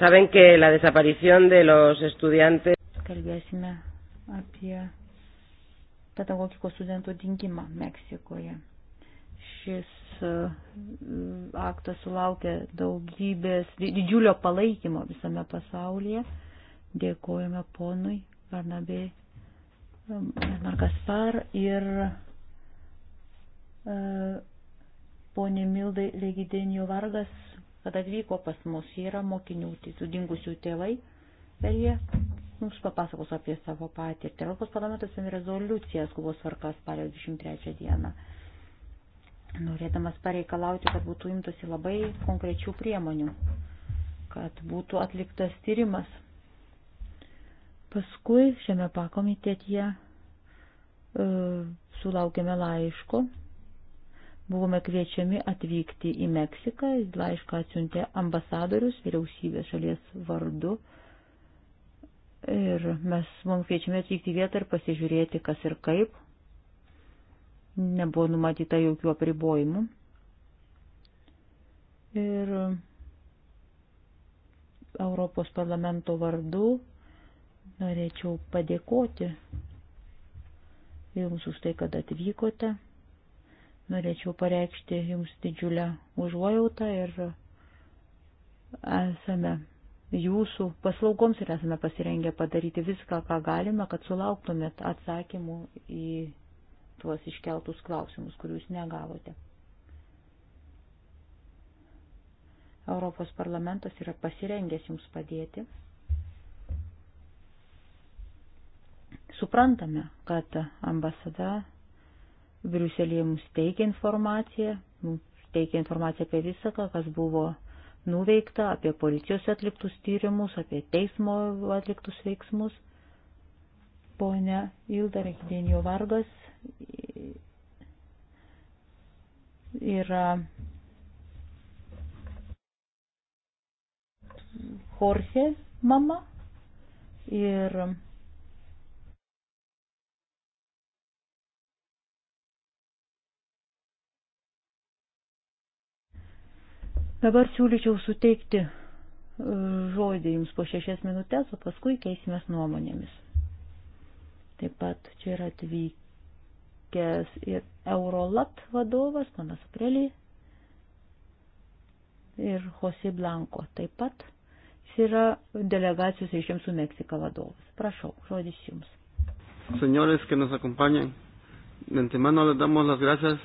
Saben que la desaparición de los estudiantes. Kalbėsime apie pedagogikos studentų dingimą Meksikoje. Šis uh, aktas sulaukė daugybės didžiulio palaikymo visame pasaulyje. Dėkojame ponui Barnabė um, Markaspar ir uh, ponė Mildai Legidenijų Vargas kad atvyko pas mus. Jie yra mokinių, tai sudingusių tėvai ir jie mums papasakos apie savo patirtį. Europos parlamentas ėmė rezoliuciją skubos tvarkas spalio 23 dieną, norėdamas pareikalauti, kad būtų imtasi labai konkrečių priemonių, kad būtų atliktas tyrimas. Paskui šiame pakomitėtėje e, sulaukėme laiško Buvome kviečiami atvykti į Meksiką, laišką atsiuntė ambasadorius vyriausybės šalies vardu. Ir mes buvom kviečiami atvykti į vietą ir pasižiūrėti, kas ir kaip. Nebuvo numatyta jokių apribojimų. Ir Europos parlamento vardu norėčiau padėkoti Jums už tai, kad atvykote. Norėčiau pareikšti jums didžiulę užuojautą ir esame jūsų paslaugoms ir esame pasirengę padaryti viską, ką galime, kad sulauktumėt atsakymų į tuos iškeltus klausimus, kurių jūs negavote. Europos parlamentas yra pasirengęs jums padėti. Suprantame, kad ambasada Briuselėje mums teikia informaciją, mums teikia informaciją apie visą, kas buvo nuveikta, apie policijos atliktus tyrimus, apie teismo atliktus veiksmus. Pone Ilda Rekidienio vargas yra Jorge mama ir Dabar siūlyčiau suteikti e, žodį jums po šešias minutės, o paskui keisimės nuomonėmis. Taip pat čia yra atvykęs ir Eurolat vadovas, panas Aprelį, ir Jose Blanko taip pat. Jis yra delegacijos ryšiams su Meksika vadovas. Prašau, žodis jums. Señores, que nos acompañen, de antemano le damos las gracias.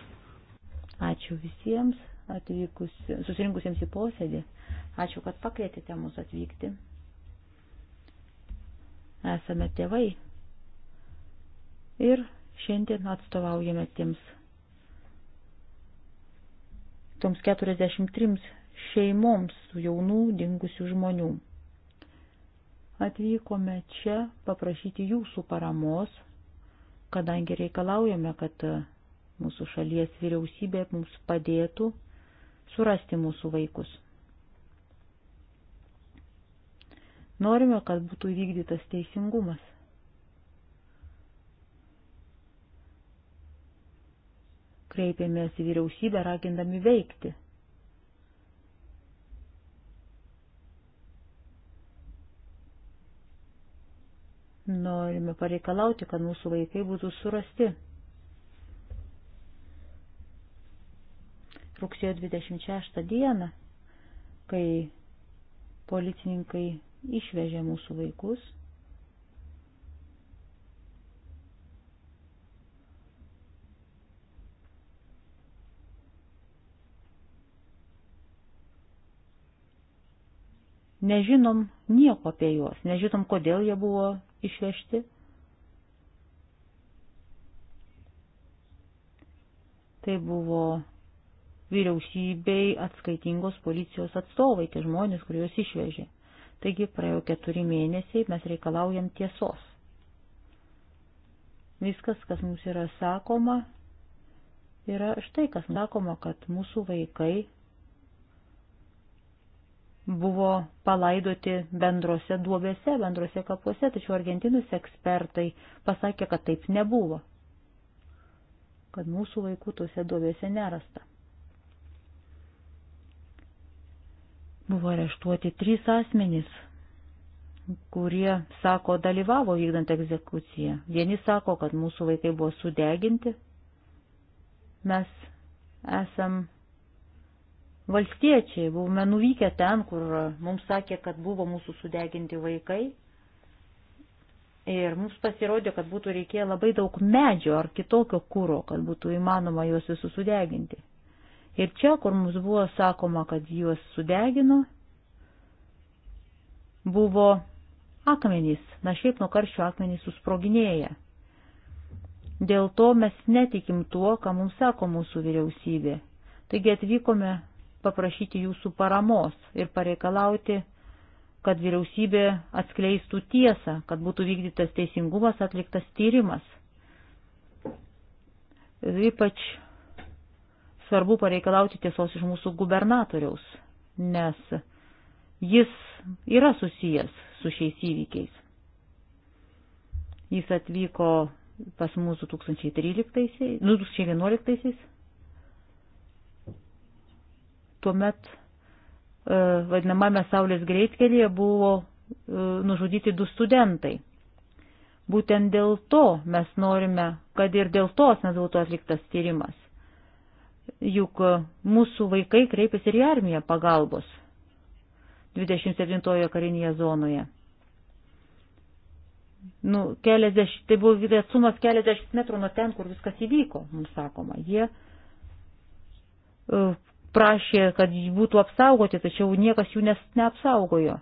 Ačiū visiems atvykus, susirinkusiems į posėdį. Ačiū, kad pakvietėte mus atvykti. Esame tėvai ir šiandien atstovaujame tiems toms 43 šeimoms jaunų dingusių žmonių. Atvykome čia paprašyti jūsų paramos, kadangi reikalaujame, kad mūsų šalies vyriausybė mums padėtų surasti mūsų vaikus. Norime, kad būtų įvykdytas teisingumas. Kreipėmės į vyriausybę ragindami veikti. Norime pareikalauti, kad mūsų vaikai būtų surasti. rugsėjo 26 dieną, kai policininkai išvežė mūsų vaikus. Nežinom nieko apie juos, nežinom, kodėl jie buvo išvežti. Tai buvo vyriausybei atskaitingos policijos atstovai, tie žmonės, kuriuos išvežė. Taigi praėjo keturi mėnesiai, mes reikalaujam tiesos. Viskas, kas mums yra sakoma, yra štai kas sakoma, kad mūsų vaikai buvo palaidoti bendrose duobėse, bendrose kapuose, tačiau argentinus ekspertai pasakė, kad taip nebuvo, kad mūsų vaikų tose duobėse nerasta. Buvo areštuoti trys asmenys, kurie, sako, dalyvavo vykdant egzekuciją. Vieni sako, kad mūsų vaikai buvo sudeginti. Mes esam valstiečiai, buvome nuvykę ten, kur mums sakė, kad buvo mūsų sudeginti vaikai. Ir mums pasirodė, kad būtų reikėję labai daug medžio ar kitokio kūro, kad būtų įmanoma juos visus sudeginti. Ir čia, kur mums buvo sakoma, kad juos sudegino, buvo akmenys, na šiaip nuo karščio akmenys susproginėja. Dėl to mes netikim tuo, ką mums sako mūsų vyriausybė. Taigi atvykome paprašyti jūsų paramos ir pareikalauti, kad vyriausybė atskleistų tiesą, kad būtų vykdytas teisingumas, atliktas tyrimas. Ypač svarbu pareikalauti tiesos iš mūsų gubernatoriaus, nes jis yra susijęs su šiais įvykiais. Jis atvyko pas mūsų 2013, 2011. Tuomet e, vadinamame Saulės greitkelyje buvo e, nužudyti du studentai. Būtent dėl to mes norime, kad ir dėl tos mes būtų atliktas tyrimas. Juk mūsų vaikai kreipiasi ir į armiją pagalbos 27-ojo karinėje zonoje. Nu, keliasdešimt, tai buvo atsumas keliasdešimt metrų nuo ten, kur viskas įvyko, mums sakoma. Jie e, prašė, kad būtų apsaugoti, tačiau niekas jų neapsaugojo.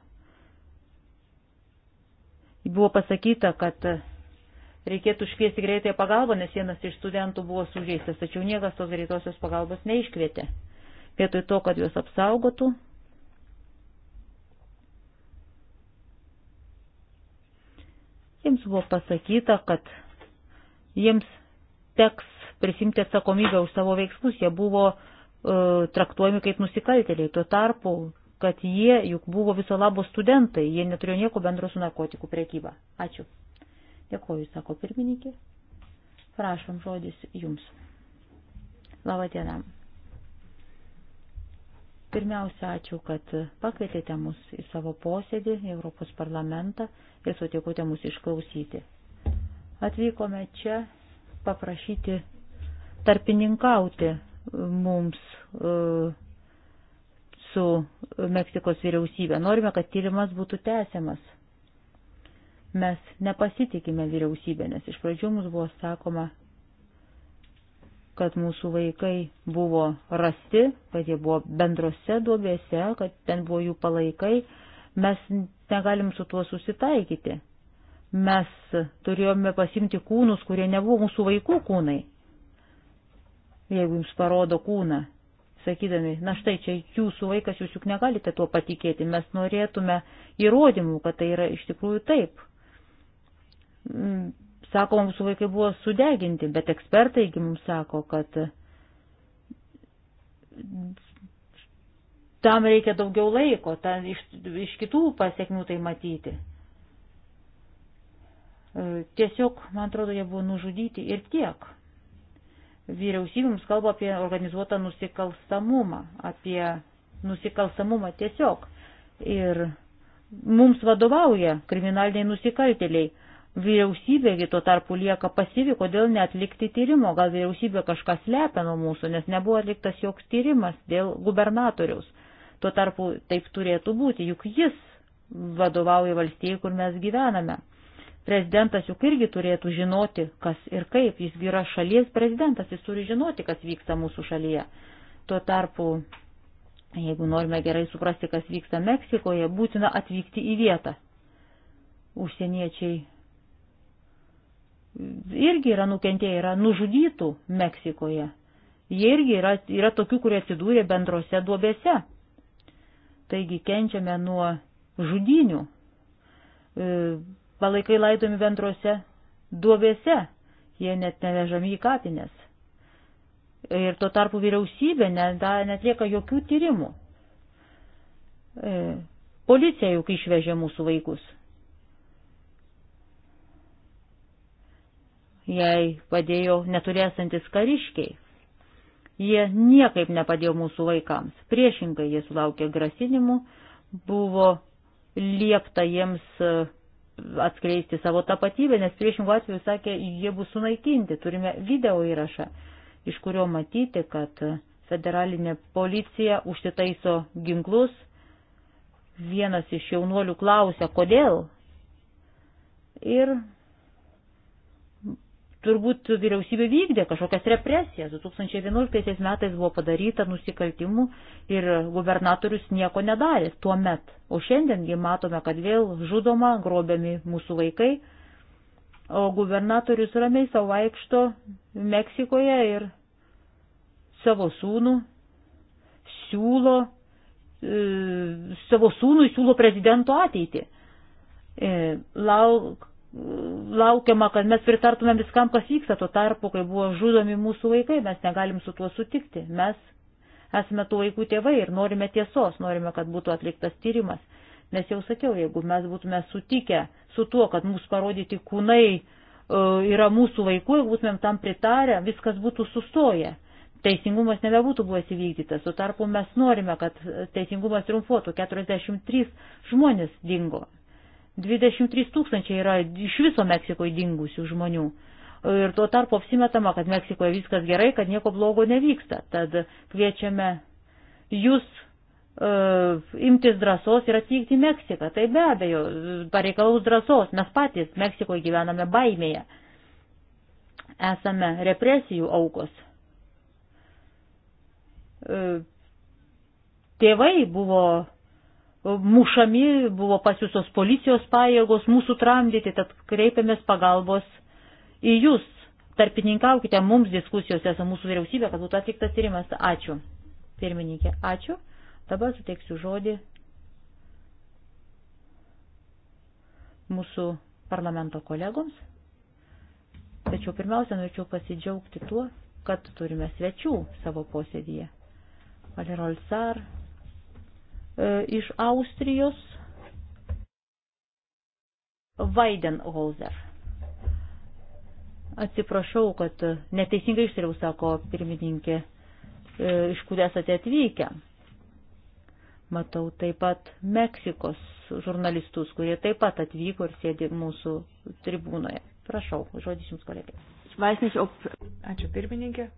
Buvo pasakyta, kad reikėtų iškviesti greitąją pagalbą, nes vienas iš studentų buvo sužeistas, tačiau niekas tos greitosios pagalbos neiškvietė. Vietoj to, kad juos apsaugotų, jiems buvo pasakyta, kad jiems teks prisimti atsakomybę už savo veiksmus, jie buvo e, traktuojami kaip nusikaltėliai. Tuo tarpu, kad jie juk buvo viso labo studentai, jie neturėjo nieko bendro su narkotikų priekyba. Ačiū. Dėkoju, sako pirmininkė. Prašom žodis jums. Labą dieną. Pirmiausia, ačiū, kad pakvietėte mus į savo posėdį, į Europos parlamentą ir sutikote mus išklausyti. Atvykome čia paprašyti tarpininkauti mums e, su Meksikos vyriausybė. Norime, kad tyrimas būtų tęsiamas. Mes nepasitikime vyriausybė, nes iš pradžių mums buvo sakoma, kad mūsų vaikai buvo rasti, kad jie buvo bendrose duobėse, kad ten buvo jų palaikai. Mes negalim su tuo susitaikyti. Mes turėjome pasimti kūnus, kurie nebuvo mūsų vaikų kūnai. Jeigu jums parodo kūną, sakydami, na štai čia jūsų vaikas, jūs juk negalite tuo patikėti, mes norėtume įrodymų, kad tai yra iš tikrųjų taip. Mm, sako, mūsų vaikai buvo sudeginti, bet ekspertai mums sako, kad tam reikia daugiau laiko, ta, iš, iš kitų pasiekmių tai matyti. E, tiesiog, man atrodo, jie buvo nužudyti ir tiek. Vyriausybėms kalba apie organizuotą nusikalstamumą, apie nusikalstamumą tiesiog. Ir mums vadovauja kriminaliniai nusikaltėliai Vyriausybėgi tuo tarpu lieka pasyvi, kodėl neatlikti tyrimo, gal vyriausybė kažką slepia nuo mūsų, nes nebuvo atliktas joks tyrimas dėl gubernatoriaus. Tuo tarpu taip turėtų būti, juk jis vadovauja valstijai, kur mes gyvename. Prezidentas juk irgi turėtų žinoti, kas ir kaip, jis yra šalies prezidentas, jis turi žinoti, kas vyksta mūsų šalyje. Tuo tarpu, jeigu norime gerai suprasti, kas vyksta Meksikoje, būtina atvykti į vietą. Užsieniečiai irgi yra nukentėję, yra nužudytų Meksikoje. Jie irgi yra, yra tokių, kurie atsidūrė bendrose duobėse. Taigi kenčiame nuo žudinių. E, palaikai laidomi bendrose duobėse. Jie net nevežami į kapines. Ir tuo tarpu vyriausybė netlieka jokių tyrimų. E, policija juk išvežė mūsų vaikus. jai padėjo neturėsantis kariškiai. Jie niekaip nepadėjo mūsų vaikams. Priešinkai jie sulaukė grasinimų, buvo liepta jiems e, atskleisti savo tapatybę, nes priešingų atveju sakė, jie bus sunaikinti. Turime video įrašą, iš kurio matyti, kad federalinė policija užsitaiso ginklus. Vienas iš jaunuolių klausia, kodėl. Ir turbūt vyriausybė vykdė kažkokias represijas. 2011 metais buvo padaryta nusikaltimų ir gubernatorius nieko nedarė tuo met. O šiandiengi matome, kad vėl žudoma, grobiami mūsų vaikai. O gubernatorius ramiai savo vaikšto Meksikoje ir savo sūnų siūlo, e, savo sūnui siūlo prezidento ateitį. E, lauk, laukiama, kad mes pritartume viskam, kas vyksta tuo tarpu, kai buvo žudomi mūsų vaikai, mes negalim su tuo sutikti. Mes esame tų vaikų tėvai ir norime tiesos, norime, kad būtų atliktas tyrimas. Nes jau sakiau, jeigu mes būtume sutikę su tuo, kad mūsų parodyti kūnai e, yra mūsų vaikų, jeigu būtumėm tam pritarę, viskas būtų sustoję. Teisingumas nebebūtų buvęs įvykdytas, su tarpu mes norime, kad teisingumas triumfuotų, 43 žmonės dingo 23 tūkstančiai yra iš viso Meksikoje dingusių žmonių. Ir tuo tarpu apsimetama, kad Meksikoje viskas gerai, kad nieko blogo nevyksta. Tad kviečiame jūs uh, imtis drąsos ir atvykti į Meksiką. Tai be abejo, pareikalaus drąsos. Mes patys Meksikoje gyvename baimėje. Esame represijų aukos. Uh, tėvai buvo mušami, buvo pasiūstos policijos pajėgos mūsų tramdyti, tad kreipiamės pagalbos į jūs. Tarpininkaukite mums diskusijose su mūsų vyriausybė, kad būtų atliktas tyrimas. Ačiū. Pirmininkė, ačiū. Dabar suteiksiu žodį mūsų parlamento kolegoms. Tačiau pirmiausia, norėčiau pasidžiaugti tuo, kad turime svečių savo posėdėje. Valerol Sar, E, iš Austrijos Weidenholzer. Atsiprašau, kad neteisingai ištariau, sako pirmininkė, e, iš kur esate atvykę. Matau taip pat Meksikos žurnalistus, kurie taip pat atvyko ir sėdi mūsų tribūnoje. Prašau, žodis jums kolegė. Ačiū pirmininkė.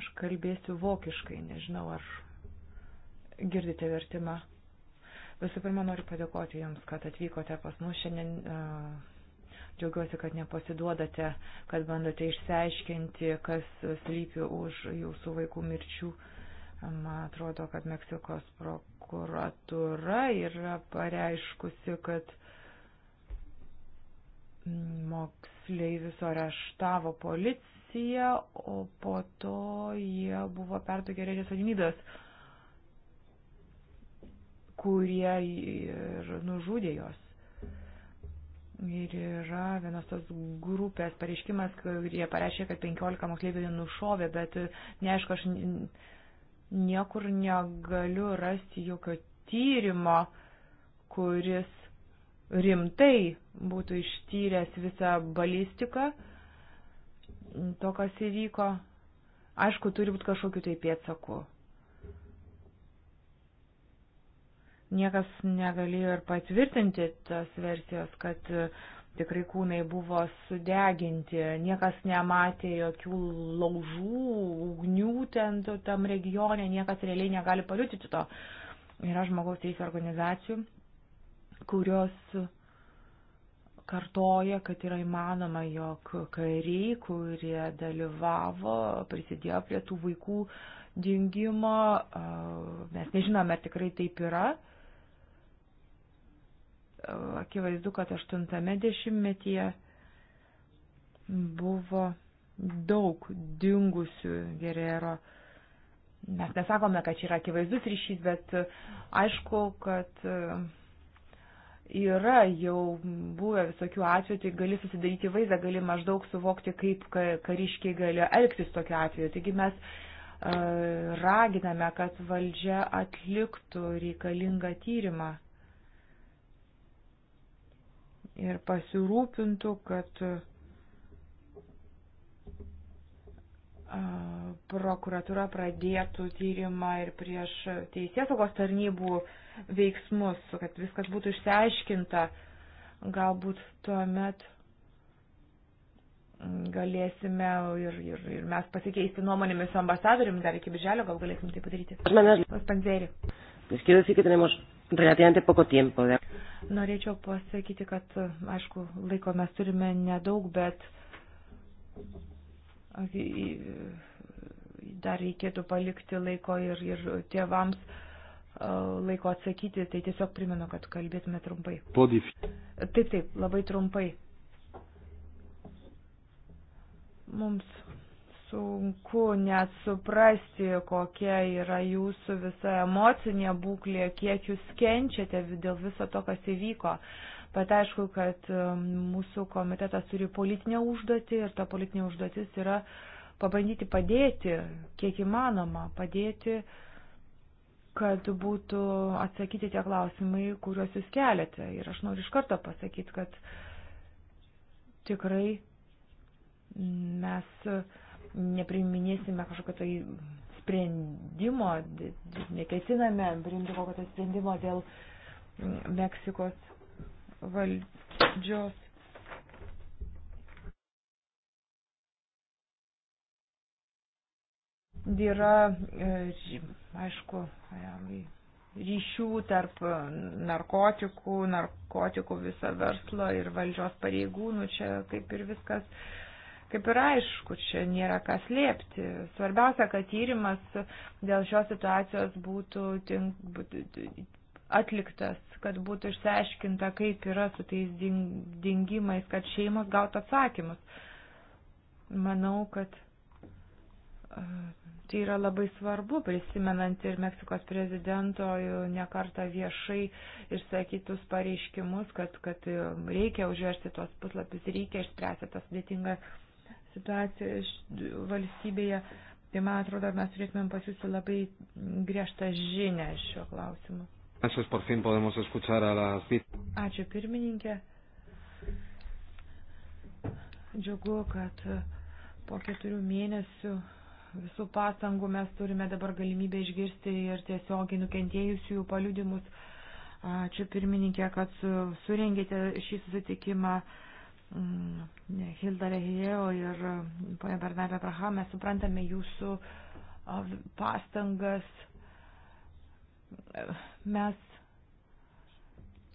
Aš kalbėsiu vokiškai, nežinau, ar girdite vertimą. Visų pirma, noriu padėkoti Jums, kad atvykote pas mus šiandien. E, džiaugiuosi, kad nepasiduodate, kad bandote išsiaiškinti, kas slypi už Jūsų vaikų mirčių. Man atrodo, kad Meksikos prokuratura yra pareiškusi, kad moksleivis areštavo policija policiją, o po to jie buvo perduoti gerės vadinybės, kurie ir nužudė jos. Ir yra vienos tos grupės pareiškimas, kurie pareiškė, kad 15 moksleivių nušovė, bet neaišku, aš niekur negaliu rasti jokio tyrimo, kuris rimtai būtų ištyręs visą balistiką to, kas įvyko. Aišku, turi būti kažkokiu tai pėtsaku. Niekas negalėjo ir patvirtinti tas versijos, kad e, tikrai kūnai buvo sudeginti, niekas nematė jokių laužų, ugnių ten tam regione, niekas realiai negali paliūti to. Yra žmogaus teisų organizacijų, kurios uh, kartoja, kad yra įmanoma, jog kariai, kurie dalyvavo, prisidėjo prie tų vaikų dingimo. Mes nežinome, ar tikrai taip yra. Akivaizdu, kad 80-metyje buvo daug dingusių gerero. Mes nesakome, kad čia yra akivaizdus ryšys, bet aišku, kad yra jau buvę visokių atvejų, tai gali susidaryti vaizdą, gali maždaug suvokti, kaip kariškiai galėjo elgtis tokiu atveju. Taigi mes uh, raginame, kad valdžia atliktų reikalingą tyrimą ir pasirūpintų, kad uh, prokuratura pradėtų tyrimą ir prieš teisėsaugos tarnybų veiksmus, kad viskas būtų išsiaiškinta, galbūt tuomet galėsime ir, ir, ir mes pasikeisti nuomonėmis su ambasadorium dar iki birželio, gal galėsim tai padaryti. Pas Panzerį. Norėčiau pasakyti, kad, aišku, laiko mes turime nedaug, bet dar reikėtų palikti laiko ir, ir tėvams laiko atsakyti, tai tiesiog primenu, kad kalbėtume trumpai. Podif. Taip, taip, labai trumpai. Mums sunku net suprasti, kokia yra jūsų visa emocinė būklė, kiek jūs kenčiate dėl viso to, kas įvyko. Uh, Bet aišku, kad um, mūsų komitetas turi politinę užduotį ir ta politinė užduotis yra pabandyti padėti, kiek įmanoma, padėti, kad būtų atsakyti tie klausimai, kuriuos jūs keliate. Ir aš noriu iš karto pasakyti, kad tikrai mes nepriminėsime kažkokio tai sprendimo, neketiname priimti kokio tai sprendimo dėl Meksikos valdžios. Yra, e, aišku, e, ryšių tarp narkotikų, narkotikų viso verslo ir valdžios pareigūnų, čia kaip ir viskas, kaip ir aišku, čia nėra ką slėpti. Svarbiausia, kad tyrimas dėl šios situacijos būtų tink, atliktas, kad būtų išsiaiškinta, kaip yra su tais dingimais, kad šeimos gautų atsakymus. Manau, kad tai yra labai svarbu, prisimenant ir Meksikos prezidento nekartą viešai išsakytus pareiškimus, kad, kad e, reikia užversti tuos puslapius, reikia išspręsti tą sudėtingą situaciją valstybėje. Tai man atrodo, mes turėtumėm pasiūsti labai griežtą žinę šiuo klausimu. Eso es por fin podemos escuchar a las Ačiū pirmininkė. Džiugu, kad e, po keturių mėnesių visų pastangų mes turime dabar galimybę išgirsti ir tiesiogiai nukentėjusiųjų paliudimus. Ačiū pirmininkė, kad surengėte šį susitikimą. Mm, Hilda Lehėjo ir e, ponia Bernabė Braha, mes suprantame jūsų pastangas mes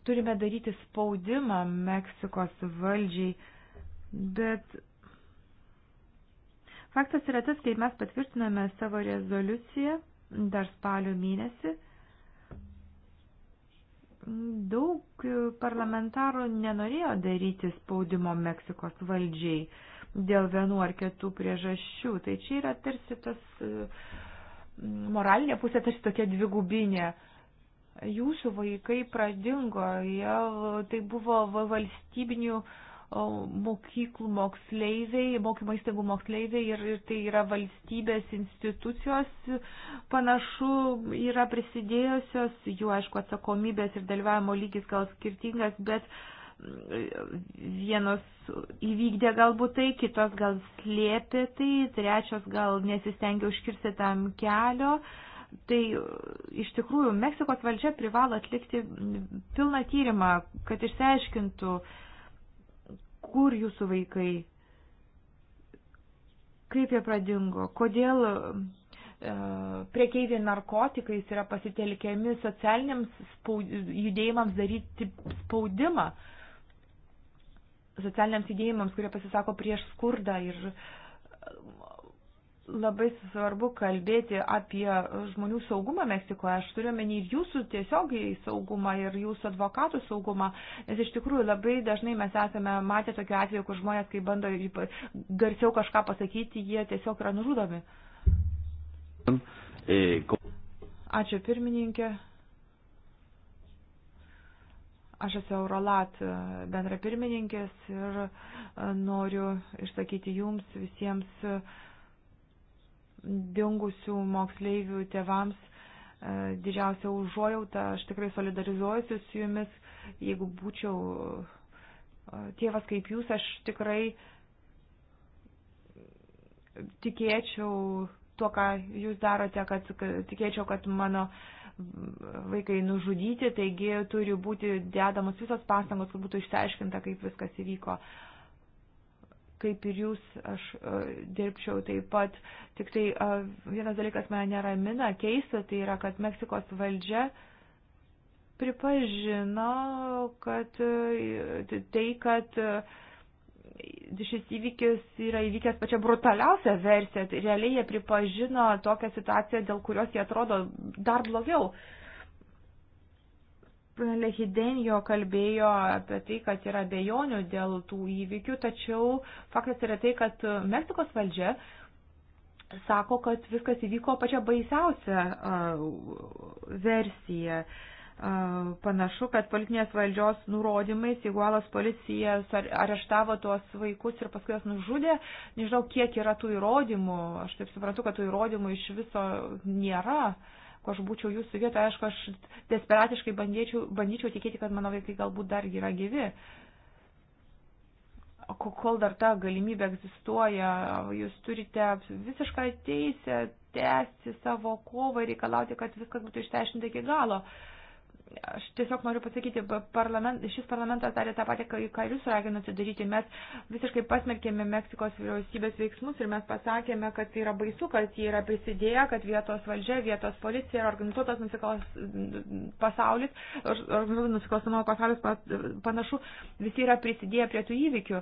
turime daryti spaudimą Meksikos valdžiai, bet faktas yra tas, kai mes patvirtiname savo rezoliuciją dar spalio mėnesį, daug parlamentarų nenorėjo daryti spaudimo Meksikos valdžiai dėl vienu ar kitų priežasčių. Tai čia yra tarsi tas uh, moralinė pusė tarsi tokia dvigubinė. Jūsų vaikai pradingo, jie tai buvo valstybinių mokyklų moksleiviai, mokymo įstaigų moksleiviai ir, ir tai yra valstybės institucijos panašu yra prisidėjusios, jų aišku atsakomybės ir dalyvavimo lygis gal skirtingas, bet uh, vienos įvykdė galbūt tai, kitos gal slėpė tai, trečios gal nesistengė užkirsti tam kelio. Tai iš tikrųjų Meksikos valdžia privalo atlikti pilną tyrimą, kad išsiaiškintų, kur jūsų vaikai, kaip jie pradingo, kodėl e, priekeiviai narkotikais yra pasitelkiami socialiniams spaud, judėjimams daryti spaudimą. Uh, socialiniams judėjimams, kurie pasisako prieš skurdą ir e, labai svarbu kalbėti apie žmonių saugumą Meksikoje. Aš turiu menį ir jūsų tiesiogiai saugumą ir jūsų advokatų saugumą, nes iš tikrųjų labai dažnai mes esame matę tokių atvejų, kur žmonės, kai bando garsiau kažką pasakyti, jie tiesiog yra nužudomi. Eh, Ačiū pirmininkė. Aš esu Eurolat e, bendra pirmininkės ir e, noriu išsakyti jums visiems e, dingusių moksleivių tevams didžiausią užuojautą. Aš tikrai solidarizuojusiu su jumis. Jeigu būčiau tėvas kaip jūs, aš tikrai tikėčiau tuo, ką jūs darote, kad tikėčiau, kad mano uh, vaikai nužudyti, taigi turi būti dedamos visos pastangos, kad būtų išsiaiškinta, kaip viskas įvyko. Kaip ir jūs, aš uh, dirbčiau taip pat. Tik tai uh, vienas dalykas mane neramina, keista, tai yra, kad Meksikos valdžia uh, pripažino, kad e, tai, kad šis įvykis yra įvykęs pačia brutaliausia versija. Tai realiai jie pripažino tokią situaciją, dėl kurios jie atrodo dar blogiau. Lehidenjo kalbėjo apie tai, kad yra bejonių dėl tų įvykių, tačiau faktas yra tai, kad Meksikos valdžia sako, kad viskas įvyko pačia baisiausia versija. Uh, Panašu, kad politinės valdžios nurodymais Igualos policija areštavo tuos vaikus ir paskui juos nužudė. Nežinau, kiek yra tų įrodymų. Aš taip suprantu, kad tų įrodymų iš viso nėra. Ko aš būčiau jūsų vietoje, aišku, aš desperatiškai bandėčiau, bandyčiau tikėti, kad mano vaikai galbūt dar yra gyvi. Kol dar ta galimybė egzistuoja, jūs turite visišką teisę tęsti savo kovą ir reikalauti, kad viskas būtų išteišinta iki galo. Uh, Aš tiesiog noriu pasakyti, parlament, šis parlamentas darė tą patį, ką jūs raginote daryti. Mes visiškai pasmerkėme Meksikos vyriausybės veiksmus ir mes pasakėme, kad tai yra baisu, kad jie yra prisidėję, kad vietos valdžia, vietos policija ir organizuotas nusikos pasaulis, organizuotas nusikalstamo pasaulis panašu, visi yra prisidėję prie tų įvykių.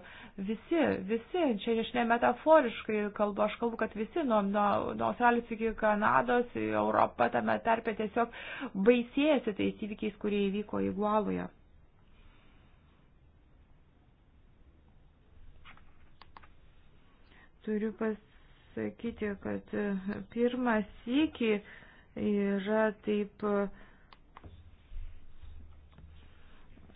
Visi, visi, čia aš ne metaforiškai kalbu, aš kalbu, kad visi nuo, nuo, nuo Australijos iki Kanados, Europą tame tarpe tiesiog baisėjasi tais įvykiais įvykiais, kurie įvyko Igualoje. Turiu pasakyti, kad pirmas iki yra taip e,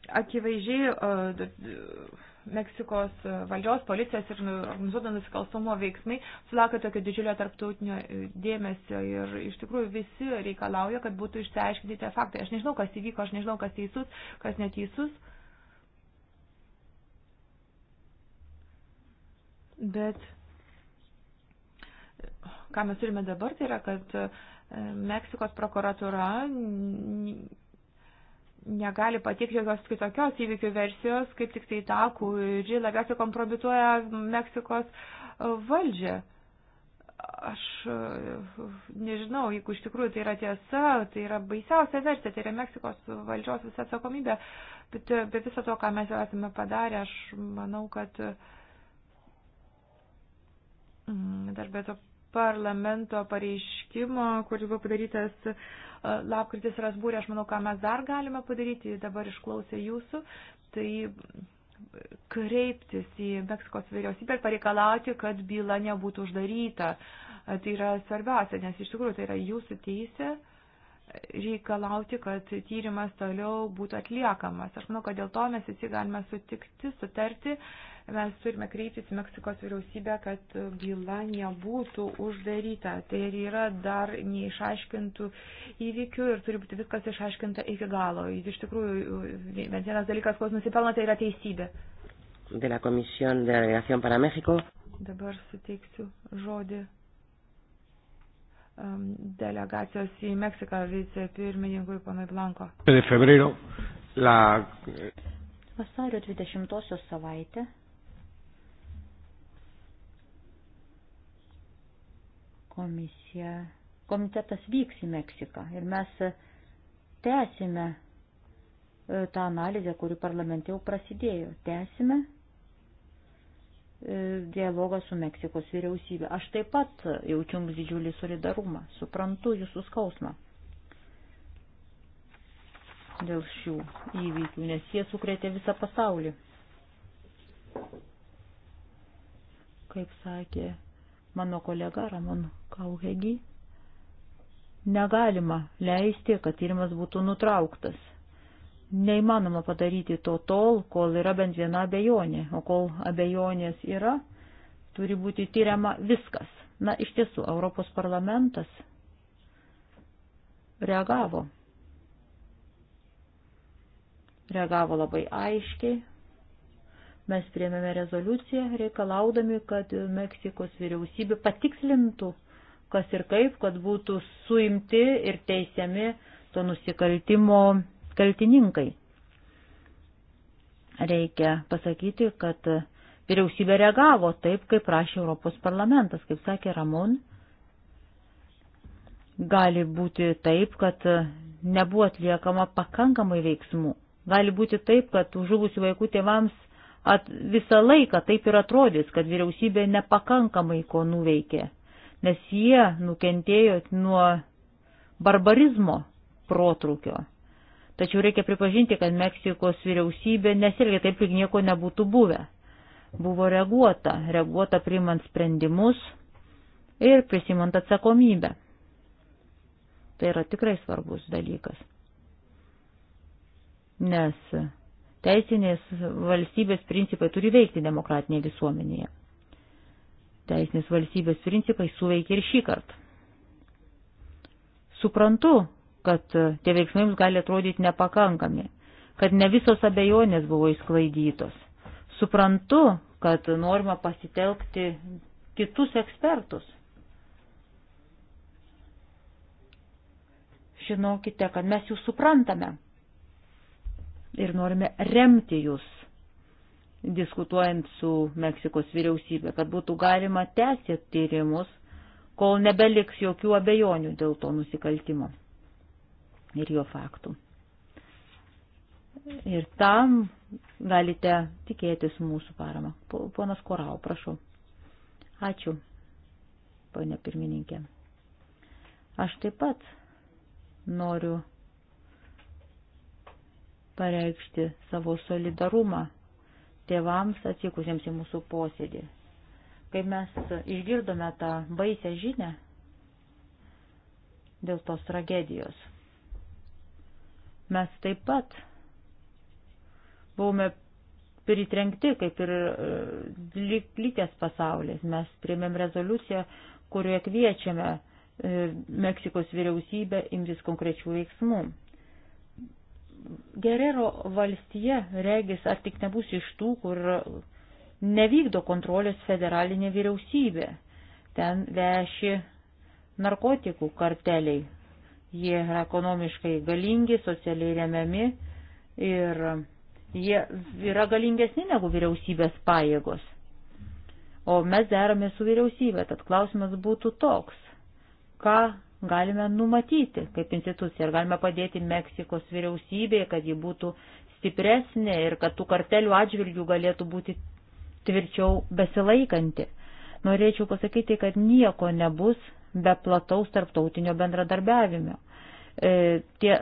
akivaizdžiai e, Meksikos e, valdžios, policijos ir nu, organizuoto nusikalstamo veiksmai sulaukia tokio didžiulio tarptautinio e, dėmesio ir iš tikrųjų visi reikalauja, kad būtų išsiaiškinti tie faktai. Aš nežinau, kas įvyko, aš nežinau, kas teisus, kas neteisus. Bet ką mes turime dabar, tai yra, kad e, Meksikos prokuratura negali patikti jokios kitokios įvykių versijos, kaip tik tai tą, kuri labiausiai kompromituoja Meksikos e, valdžią. Aš e, nežinau, jeigu iš tikrųjų tai yra tiesa, tai yra baisiausia versija, tai yra Meksikos valdžios visa atsakomybė, bet e, be viso to, ką mes jau esame padarę, aš manau, kad mm, dar be to parlamento pareiškimo, kuris buvo padarytas e, lapkritis Rasbūrė, aš manau, ką mes dar galime padaryti, dabar išklausę jūsų, tai kreiptis į Meksikos vyriausybę ir pareikalauti, kad byla nebūtų uždaryta. E, tai yra svarbiausia, nes iš tikrųjų tai yra jūsų teisė reikalauti, kad tyrimas toliau būtų atliekamas. Aš manau, kad dėl to mes visi galime sutikti, sutarti. Mes turime kreiptis į Meksikos vyriausybę, kad byla nebūtų uždaryta. Tai ir yra dar neišaiškintų įvykių ir turi būti viskas išaiškinta iki galo. Jis iš tikrųjų, bent vienas dalykas, kuo nusipelno, tai yra teisybė. De la Comisión de Delegación para México. Dabar suteiksiu žodį Um, delegacijos į Meksiką vicepirmininkui panai Blanko. De febrero, la... Vasario 20 savaitę komisija, komitetas vyks į Meksiką ir mes tęsime e, tą analizę, kuri parlamente jau prasidėjo. Tęsime E, dialogą su Meksikos vyriausybė. Aš taip pat jaučiu jums didžiulį solidarumą, suprantu jūsų skausmą dėl šių įvykių, nes jie sukrėtė visą pasaulį. Kaip sakė mano kolega Ramon Kauhegi, negalima leisti, kad tyrimas būtų nutrauktas neįmanoma padaryti to tol, kol yra bent viena abejonė, o kol abejonės yra, turi būti tyriama viskas. Na, iš tiesų, Europos parlamentas reagavo. Reagavo labai aiškiai. Mes priemėme rezoliuciją reikalaudami, kad Meksikos vyriausybė patikslintų, kas ir kaip, kad būtų suimti ir teisiami to nusikaltimo kaltininkai. Reikia pasakyti, kad vyriausybė reagavo taip, kaip prašė Europos parlamentas, kaip sakė Ramon. Gali būti taip, kad nebuvo atliekama pakankamai veiksmų. Gali būti taip, kad žuvusių vaikų tėvams at, visą laiką taip ir atrodys, kad vyriausybė nepakankamai ko nuveikė, nes jie nukentėjo nuo barbarizmo protrukio. Tačiau reikia pripažinti, kad Meksikos vyriausybė nesielgė taip, lyg nieko nebūtų buvę. Buvo reaguota, reaguota priimant sprendimus ir prisimant atsakomybę. Tai yra tikrai svarbus dalykas. Nes teisinės valstybės principai turi veikti demokratinėje visuomenėje. Teisinės valstybės principai suveikia ir šį kartą. Suprantu, kad e, tie veiksmai jums gali atrodyti nepakankami, kad ne visos abejonės buvo išsklaidytos. Suprantu, kad norima pasitelkti kitus ekspertus. Žinokite, kad mes jūs suprantame ir norime remti jūs, diskutuojant su Meksikos vyriausybė, kad būtų galima tęsti tyrimus, kol nebeliks jokių abejonių dėl to nusikaltimo ir jo faktų. Ir tam galite tikėtis mūsų paramą. Ponas Korau, prašau. Ačiū, ponia pirmininkė. Aš taip pat noriu pareikšti savo solidarumą tėvams atvykusiems į mūsų posėdį. Kai mes išgirdome tą baisę žinę dėl tos tragedijos, Mes taip pat buvome pritrenkti, kaip ir e, lytės pasaulis. Mes priemėm rezoliuciją, kurioje kviečiame e, Meksikos vyriausybę imtis konkrečių veiksmų. Gerero valstija, regis, ar tik nebus iš tų, kur nevykdo kontrolės federalinė vyriausybė. Ten veši narkotikų karteliai, Jie yra ekonomiškai galingi, socialiai remiami ir jie yra galingesni negu vyriausybės pajėgos. O mes derame su vyriausybė, tad klausimas būtų toks, ką galime numatyti kaip institucija, ar galime padėti Meksikos vyriausybėje, kad ji būtų stipresnė ir kad tų kartelių atžvilgių galėtų būti tvirčiau besilaikanti. Norėčiau pasakyti, kad nieko nebus, be plataus tarptautinio bendradarbiavimo. E, tie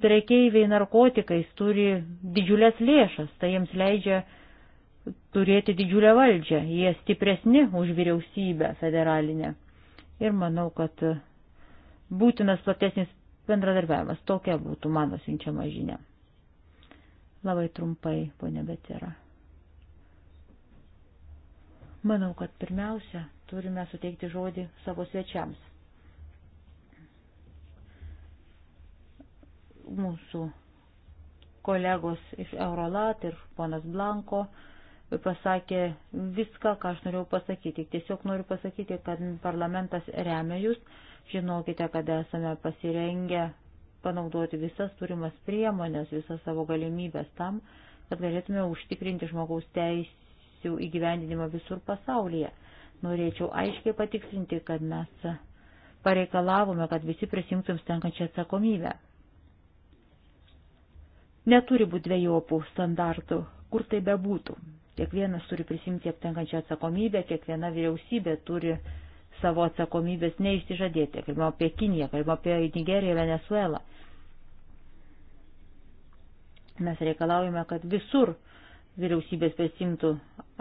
prekeiviai narkotikais turi didžiulės lėšas, tai jiems leidžia turėti didžiulę valdžią, jie stipresni už vyriausybę federalinę. Ir manau, kad būtinas platesnis bendradarbiavimas. Tokia būtų mano siunčiama žinia. Labai trumpai, ponė Betėra. Manau, kad pirmiausia turime suteikti žodį savo svečiams. Mūsų kolegos iš Eurolat ir ponas Blanko pasakė viską, ką aš norėjau pasakyti. Tiesiog noriu pasakyti, kad parlamentas remia jūs. Žinokite, kad esame pasirengę panaudoti visas turimas priemonės, visas savo galimybės tam, kad galėtume užtikrinti žmogaus teisės teisių įgyvendinimą visur pasaulyje. Norėčiau aiškiai patikslinti, kad mes pareikalavome, kad visi prisimtum tenkančią atsakomybę. Neturi būti dviejopų standartų, kur tai bebūtų. Kiekvienas turi prisimti aptenkančią atsakomybę, kiekviena vyriausybė turi savo atsakomybės neišsižadėti. Kalbame apie Kiniją, kalbame apie Nigeriją, Venezuelą. Mes reikalaujame, kad visur vyriausybės prisimtų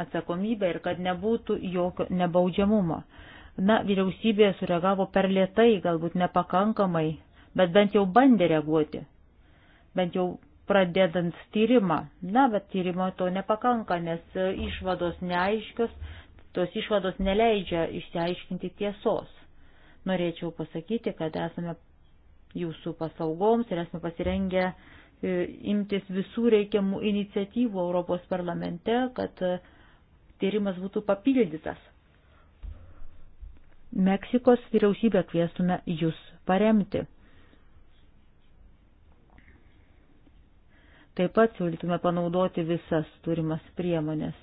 atsakomybę ir kad nebūtų jokio nebaudžiamumo. Na, vyriausybė sureagavo per lietai, galbūt nepakankamai, bet bent jau bandė reaguoti. Bent jau pradedant tyrimą. Na, bet tyrimo to nepakanka, nes e, išvados neaiškios, tos išvados neleidžia išsiaiškinti tiesos. Norėčiau pasakyti, kad esame jūsų paslaugoms ir esame pasirengę uh, E, imtis visų reikiamų iniciatyvų Europos parlamente, kad e, tyrimas būtų papildytas. Meksikos vyriausybę kviestume jūs paremti. Taip pat siūlytume panaudoti visas turimas priemonės,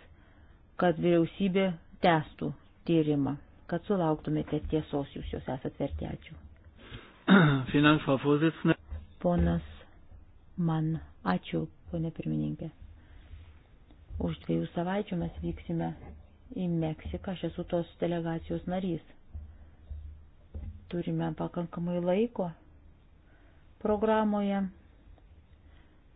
kad vyriausybė testų tyrimą, kad sulauktumėte tiesos, jūs jos esat verti. Ačiū. Ponas man. Ačiū, ponė pirmininkė. Už dviejų savaičių mes vyksime į Meksiką, aš esu tos delegacijos narys. Turime pakankamai laiko programoje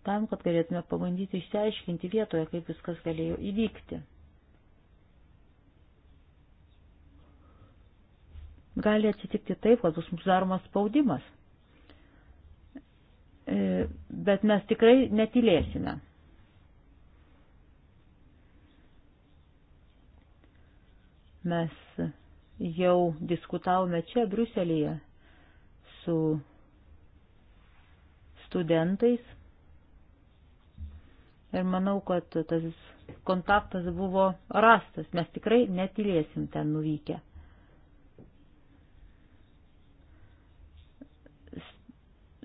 tam, kad galėtume pabandyti išsiaiškinti vietoje, kaip viskas galėjo įvykti. Gali atsitikti taip, kad bus mums daromas spaudimas E, bet mes tikrai netilėsime. Mes jau diskutavome čia, Bruselėje, su studentais ir manau, kad tas kontaktas buvo rastas. Mes tikrai netilėsim ten nuvykę.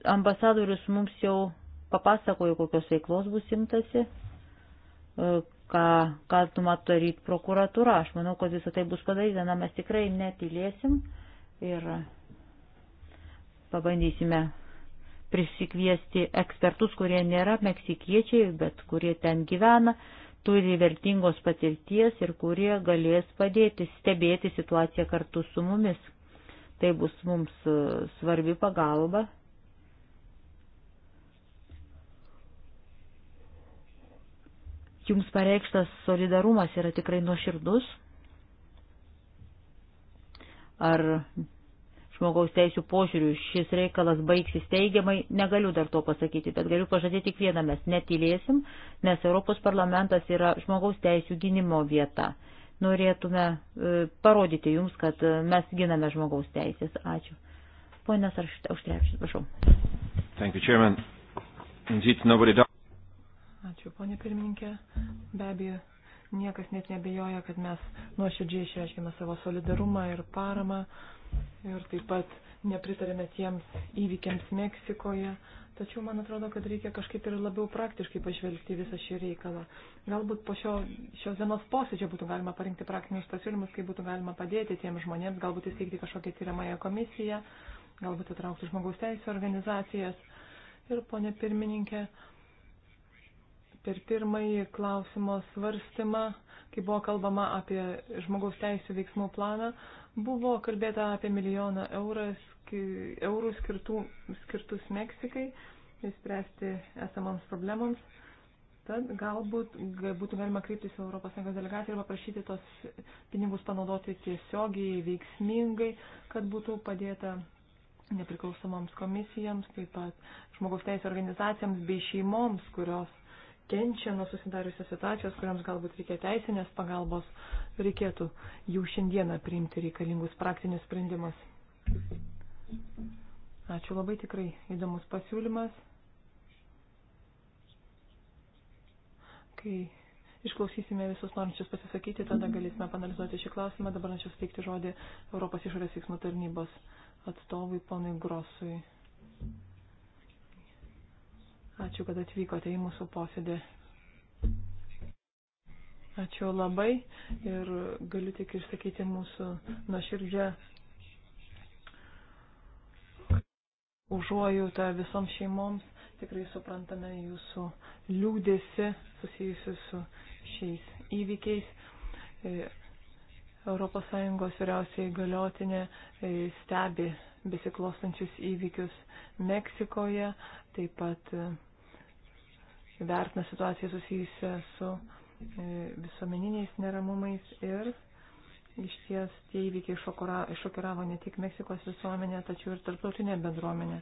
ambasadorius mums jau papasakojo, kokios veiklos bus imtasi, e, ką, ką numato daryti prokuratūra. Aš manau, kad visą tai bus padaryta, na mes tikrai netilėsim ir pabandysime prisikviesti ekspertus, kurie nėra meksikiečiai, bet kurie ten gyvena, turi vertingos patirties ir kurie galės padėti stebėti situaciją kartu su mumis. Tai bus mums e, svarbi pagalba Jums pareikštas solidarumas yra tikrai nuoširdus? Ar žmogaus teisų požiūrių šis reikalas baigsis teigiamai, negaliu dar to pasakyti, bet galiu pažadėti tik vieną, mes netylėsim, nes Europos parlamentas yra žmogaus teisų gynimo vieta. Norėtume e, parodyti jums, kad e, mes giname žmogaus teisės. Ačiū. Ponas Auštrevičius, prašau. Thank you, Chairman. Indeed, nobody does. Ačiū, ponė pirmininkė. Be abejo, niekas net nebejoja, kad mes nuoširdžiai išreiškime savo solidarumą ir paramą. Ir taip pat nepritarėme tiems įvykiams Meksikoje. Tačiau man atrodo, kad reikia kažkaip ir labiau praktiškai pažvelgti visą šį reikalą. Galbūt po šio, šios dienos posėdžio būtų galima parinkti praktinius pasiūlymus, kaip būtų galima padėti tiems žmonėms, galbūt įsteigti kažkokią tyriamąją komisiją, galbūt atraukti žmogaus teisų organizacijas. Ir ponė pirmininkė, uh, per pirmąjį klausimo svarstymą, kai buvo kalbama apie žmogaus teisų veiksmų planą, buvo kalbėta apie milijoną euras, eurų skirtų, skirtus Meksikai, įspręsti esamoms problemams. Tad galbūt būtų galima kreiptis į ES delegaciją ir paprašyti tos pinigus panaudoti tiesiogiai, veiksmingai, kad būtų padėta nepriklausomoms komisijoms, taip pat žmogaus teisų organizacijoms bei šeimoms, kurios kenčia nuo susidariusios situacijos, kuriams galbūt reikia teisinės pagalbos, reikėtų jau šiandieną priimti reikalingus praktinius sprendimus. Ačiū labai tikrai įdomus pasiūlymas. Kai išklausysime visus norinčius pasisakyti, tada galėsime panalizuoti šį klausimą. Dabar norėčiau suteikti žodį Europos išorės veiksmų tarnybos atstovui ponui Grosui. Ačiū, kad atvykote į mūsų posėdį. Ačiū labai ir galiu tik išsakyti mūsų nuoširdžią užuojautą visoms šeimoms. Tikrai suprantame jūsų liūdėsi susijusiu su šiais įvykiais. ES vyriausiai galiotinė e, stebi besiklostančius įvykius Meksikoje, taip pat e, vertina situaciją susijusią su e, visuomeniniais neramumais ir iš ties tie įvykiai šokiravo ne tik Meksikos visuomenę, tačiau ir tarptautinę bendruomenę.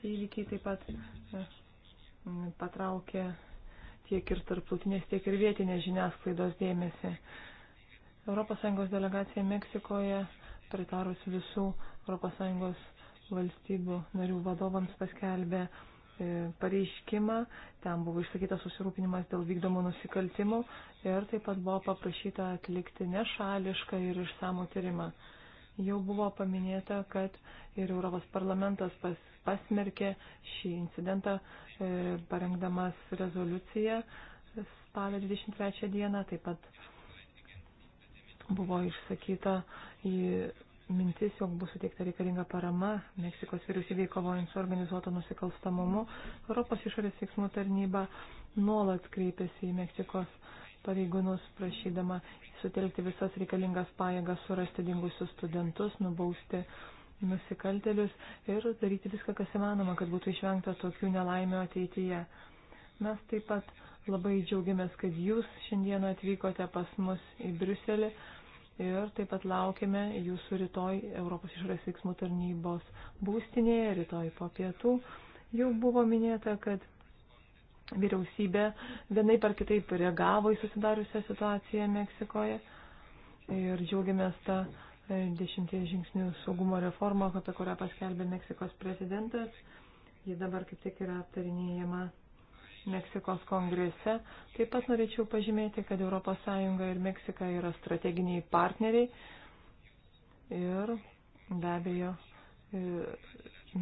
Tie įvykiai taip pat e, patraukė tiek ir tarptautinės, tiek ir vietinės žiniasklaidos dėmesį. ES delegacija Meksikoje, pritarus visų ES valstybių narių vadovams, paskelbė E, pareiškimą, ten buvo išsakytas susirūpinimas dėl vykdomų nusikaltimų ir taip pat buvo paprašyta atlikti nešališką ir išsamų tyrimą. Jau buvo paminėta, kad ir Europos parlamentas pas, pasmerkė šį incidentą e, parengdamas rezoliuciją spalio 23 dieną, taip pat buvo išsakyta į mintis, jog bus suteikta reikalinga parama Meksikos vyriausybei kovojant su organizuoto nusikalstamumu, Europos išorės veiksmų tarnyba nuolat kreipėsi į Meksikos pareigūnus prašydama sutelkti visas reikalingas pajėgas, surasti dingusius studentus, nubausti nusikaltelius ir daryti viską, kas įmanoma, kad būtų išvengta tokių nelaimio ateityje. Mes taip pat labai džiaugiamės, kad jūs šiandieną atvykote pas mus į Briuselį ir taip pat laukiame jūsų rytoj Europos išorės veiksmų tarnybos būstinėje, rytoj po pietų. Jau buvo minėta, kad vyriausybė vienai par kitaip reagavo į susidariusią situaciją Meksikoje ir džiaugiamės tą e, dešimties žingsnių saugumo reformą, apie kurią paskelbė Meksikos prezidentas. Ji dabar kaip tik yra aptarinėjama Meksikos kongrese. Taip pat norėčiau pažymėti, kad ES ir Meksika yra strateginiai partneriai ir be abejo e,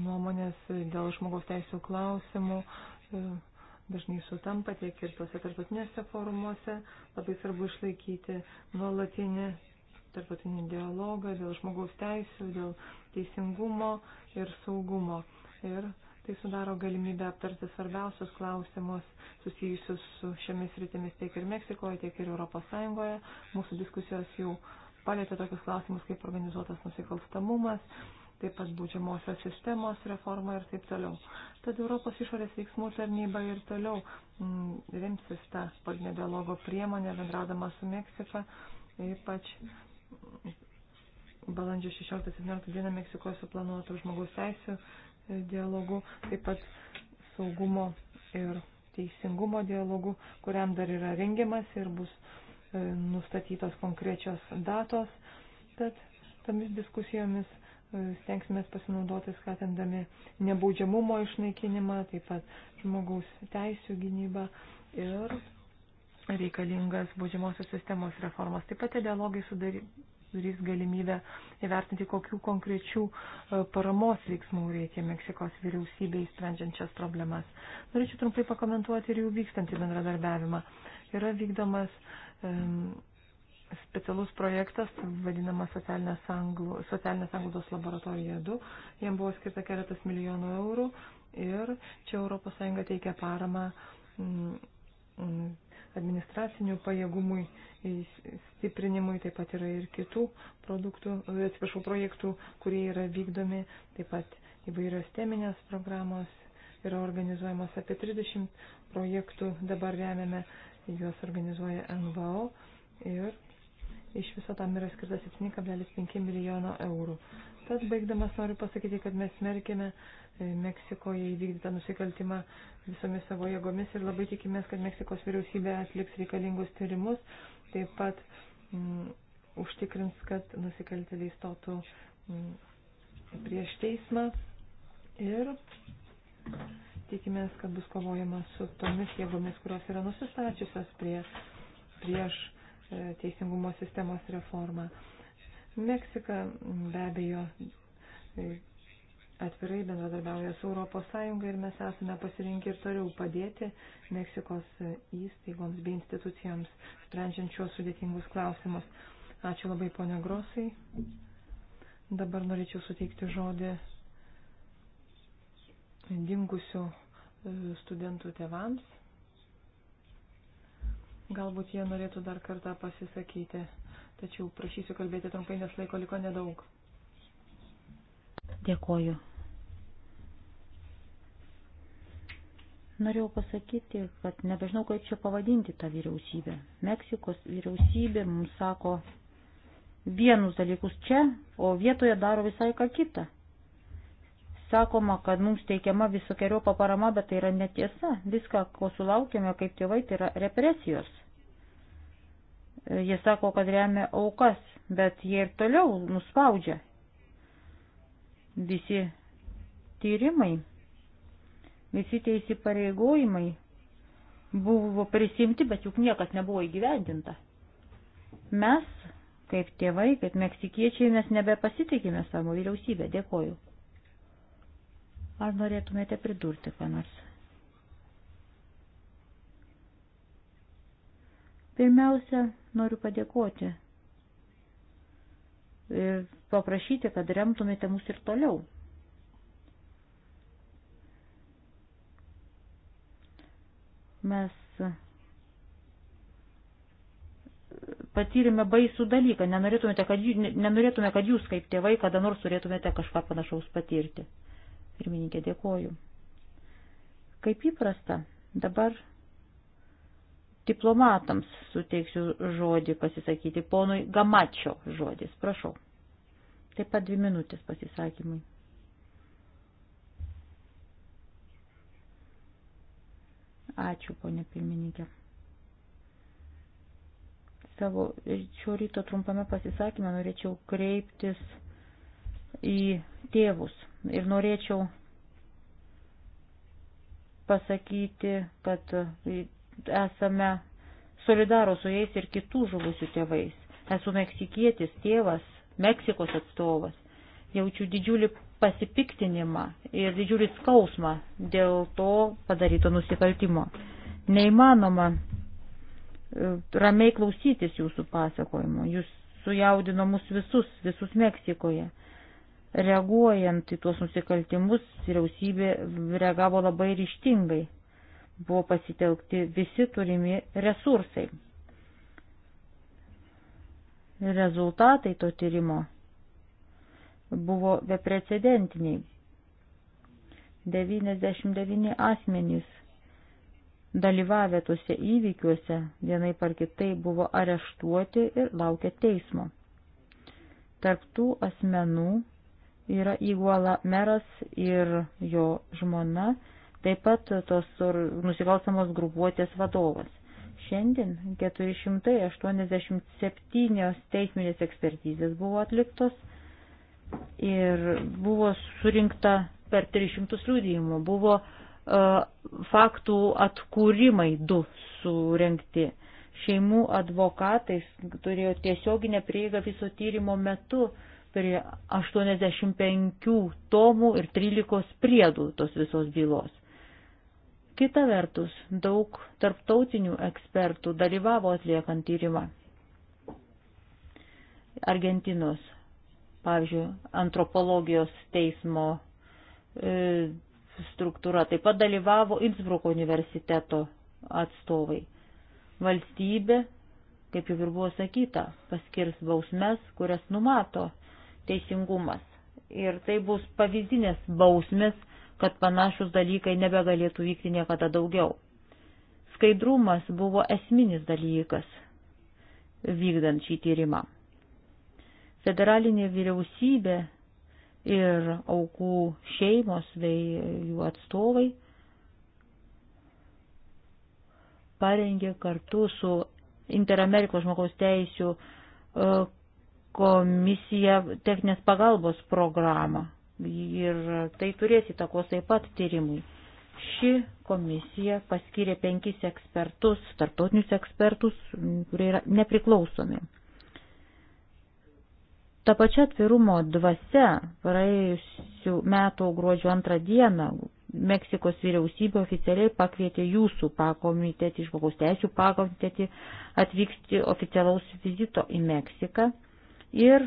nuomonės dėl žmogaus teisų klausimų e, dažnai sutampa tiek ir tuose tarptautinėse forumuose. Labai svarbu išlaikyti nuolatinį tarptautinį dialogą dėl žmogaus teisų, dėl teisingumo ir saugumo. Ir Tai sudaro galimybę aptarti svarbiausius klausimus susijusius su šiomis rytimis tiek ir Meksikoje, tiek ir ES. Mūsų diskusijos jau palėtė tokius klausimus kaip organizuotas nusikalstamumas, taip pat būdžiamosios sistemos reforma ir taip toliau. Tad Europos išorės veiksmų tarnyba ir toliau mm, rimsis tą politinio dialogo priemonę, bendradama su Meksika, ypač balandžio 16-17 dieną Meksikoje suplanuotų žmogaus teisų dialogu, taip pat saugumo ir teisingumo dialogu, kuriam dar yra rengiamas ir bus e, nustatytos konkrečios datos. Tad tomis diskusijomis e, stengsimės pasinaudoti skatindami nebaudžiamumo išnaikinimą, taip pat žmogaus teisų gynybą ir reikalingas baudžiamosios sistemos reformas. Taip pat tie dialogai sudary, sudarys galimybę įvertinti, kokių konkrečių e, paramos veiksmų reikia Meksikos vyriausybei sprendžiant šias problemas. Norėčiau trumpai pakomentuoti ir jų vykstantį bendradarbiavimą. Yra vykdomas um, specialus projektas, vadinamas socialinės, anglo, socialinės anglodos laboratorija 2. Jam buvo skirta keletas milijonų eurų ir čia ES teikia paramą. Um, Mm, administracinių pajėgumui stiprinimui, taip pat yra ir kitų produktų, atsiprašau, projektų, kurie yra vykdomi, taip pat įvairios teminės programos yra organizuojamos apie 30 projektų, dabar remiame, juos organizuoja NVO ir iš viso tam yra skirta 7,5 milijono eurų. Tad baigdamas noriu pasakyti, kad mes smerkėme e, Meksikoje įvykdytą nusikaltimą visomis savo jėgomis ir labai tikimės, kad Meksikos vyriausybė atliks reikalingus tyrimus, taip pat m, užtikrins, kad nusikaltėliai stotų m, prieš teismą ir tikimės, kad bus kovojama su tomis jėgomis, kurios yra nusistačiusios prie, prieš e, teisingumo sistemos reformą. Meksika be abejo atvirai bendradarbiauja su ES ir mes esame pasirinkę ir toliau padėti Meksikos įstaigoms bei institucijoms sprendžiant šios sudėtingus klausimus. Ačiū labai ponio Grosai. Dabar norėčiau suteikti žodį dingusių e, studentų tevams. Galbūt jie norėtų dar kartą pasisakyti tačiau prašysiu kalbėti trumpai, nes laiko liko nedaug. Dėkoju. Norėjau pasakyti, kad nebežinau, kaip čia pavadinti tą vyriausybę. Meksikos vyriausybė mums sako vienus dalykus čia, o vietoje daro visai ką kitą. Sakoma, kad mums teikiama visokiojo paparama, bet tai yra netiesa. Viską, ko sulaukėme kaip tėvai, tai yra represijos Jie sako, kad remia aukas, bet jie ir toliau nuspaudžia. Visi tyrimai, visi tie įsipareigojimai buvo prisimti, bet juk niekas nebuvo įgyvendinta. Mes, kaip tėvai, kaip meksikiečiai, mes nebepasitikime savo vyriausybę. Dėkoju. Ar norėtumėte pridurti ką nors? Pirmiausia, Noriu padėkoti ir paprašyti, kad remtumėte mus ir toliau. Mes patyrėme baisų dalyką, nenorėtumėte, kad, nenorėtume, kad jūs kaip tėvai kada nors turėtumėte kažką panašaus patirti. Pirmininkė, dėkoju. Kaip įprasta, dabar diplomatams suteiksiu žodį pasisakyti. Ponui Gamačio žodis, prašau. Taip pat dvi minutės pasisakymui. Ačiū, ponė pirmininkė. Savo šio ryto trumpame pasisakymę norėčiau kreiptis į tėvus ir norėčiau pasakyti, kad esame solidaro su jais ir kitų žuvusių tėvais. Esu meksikietis, tėvas, Meksikos atstovas. Jaučiu didžiulį pasipiktinimą ir didžiulį skausmą dėl to padaryto nusikaltimo. Neįmanoma e, ramiai klausytis jūsų pasakojimo. Jūs sujaudino mus visus, visus Meksikoje. Reaguojant į tuos nusikaltimus, vyriausybė reagavo labai ryštingai buvo pasitelkti visi turimi resursai. Rezultatai to tyrimo buvo beprecedentiniai. 99 asmenys dalyvavę tuose įvykiuose vienai par kitai buvo areštuoti ir laukia teismo. Tarptų asmenų yra Iguala meras ir jo žmona taip pat tos nusikalstamos grupuotės vadovas. Šiandien 487 teisminės ekspertizės buvo atliktos ir buvo surinkta per 300 liūdėjimų, buvo uh, faktų atkūrimai du surenkti. Šeimų advokatais turėjo tiesioginę prieigą viso tyrimo metu prie 85 tomų ir 13 priedų tos visos bylos. Kita vertus, daug tarptautinių ekspertų dalyvavo atliekant tyrimą. Argentinos, pavyzdžiui, antropologijos teismo e, struktūra, taip pat dalyvavo Innsbruko universiteto atstovai. Valstybė, kaip jau ir buvo sakyta, paskirs bausmes, kurias numato teisingumas. Ir tai bus pavyzdinės bausmės kad panašus dalykai nebegalėtų vykti niekada daugiau. Skaidrumas buvo esminis dalykas vykdant šį tyrimą. Federalinė vyriausybė ir aukų šeimos bei jų atstovai parengė kartu su Interamerikos žmogaus teisių e, komisija techninės pagalbos programą ir tai turės įtakos taip pat tyrimui. Ši komisija paskyrė penkis ekspertus, tarptautinius ekspertus, kurie yra nepriklausomi. Ta pačia atvirumo dvasia praėjusių metų gruodžio antrą dieną Meksikos vyriausybė oficialiai pakvietė jūsų pakomitetį, žmogaus teisų pakomitetį atvykti oficialaus vizito į Meksiką ir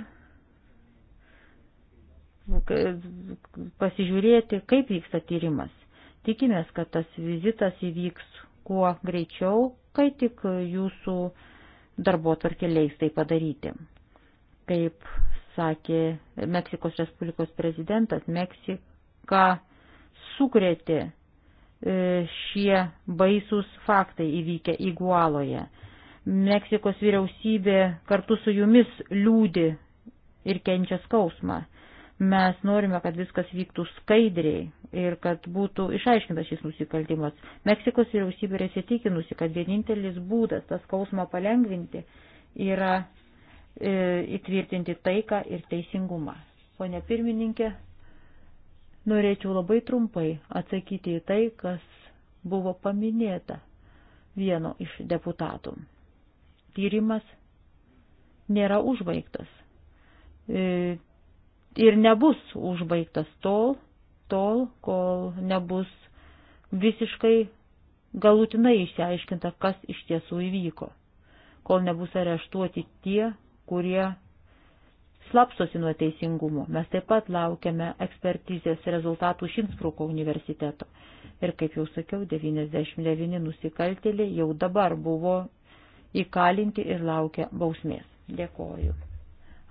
pasižiūrėti, kaip vyksta tyrimas. Tikimės, kad tas vizitas įvyks kuo greičiau, kai tik jūsų darbo tvarkė leis tai padaryti. Kaip sakė Meksikos Respublikos prezidentas, Meksika sukrėtė e, šie baisūs faktai įvykę Igualoje. Meksikos vyriausybė kartu su jumis liūdi ir kenčia skausmą. Mes norime, kad viskas vyktų skaidriai ir kad būtų išaiškintas šis nusikaltimas. Meksikos vyriausybė yra įsitikinusi, kad vienintelis būdas tą skausmą palengvinti yra e, įtvirtinti taiką ir teisingumą. Pone pirmininkė, norėčiau labai trumpai atsakyti į tai, kas buvo paminėta vieno iš deputatų. Tyrimas nėra užbaigtas. E, ir nebus užbaigtas tol, tol, kol nebus visiškai galutinai išsiaiškinta, kas iš tiesų įvyko, kol nebus areštuoti tie, kurie slapsosi nuo teisingumo. Mes taip pat laukiame ekspertizės rezultatų iš Inspruko universiteto. Ir kaip jau sakiau, 99 nusikaltėliai jau dabar buvo įkalinti ir laukia bausmės. Dėkoju.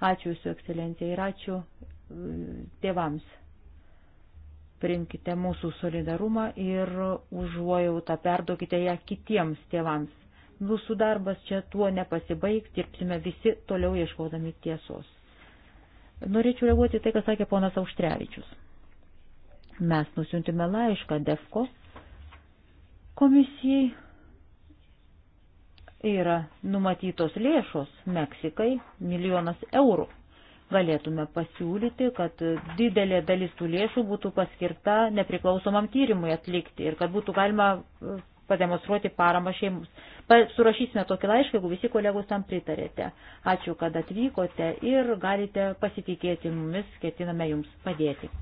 Ačiū Jūsų ekscelencija ir ačiū tėvams. Prinkite mūsų solidarumą ir užuojautą perduokite ją kitiems tėvams. Mūsų darbas čia tuo nepasibaigs, dirbsime visi toliau ieškodami tiesos. Norėčiau reaguoti tai, ką sakė ponas Auštrevičius. Mes nusiuntime laišką DEFCO komisijai. Yra numatytos lėšos Meksikai milijonas eurų galėtume pasiūlyti, kad didelė dalis tų lėšų būtų paskirta nepriklausomam tyrimui atlikti ir kad būtų galima e, pademonstruoti paramą šeimams. Surašysime tokį laišką, jeigu visi kolegos tam pritarėte. Ačiū, kad atvykote ir galite pasitikėti mumis, ketiname jums padėti.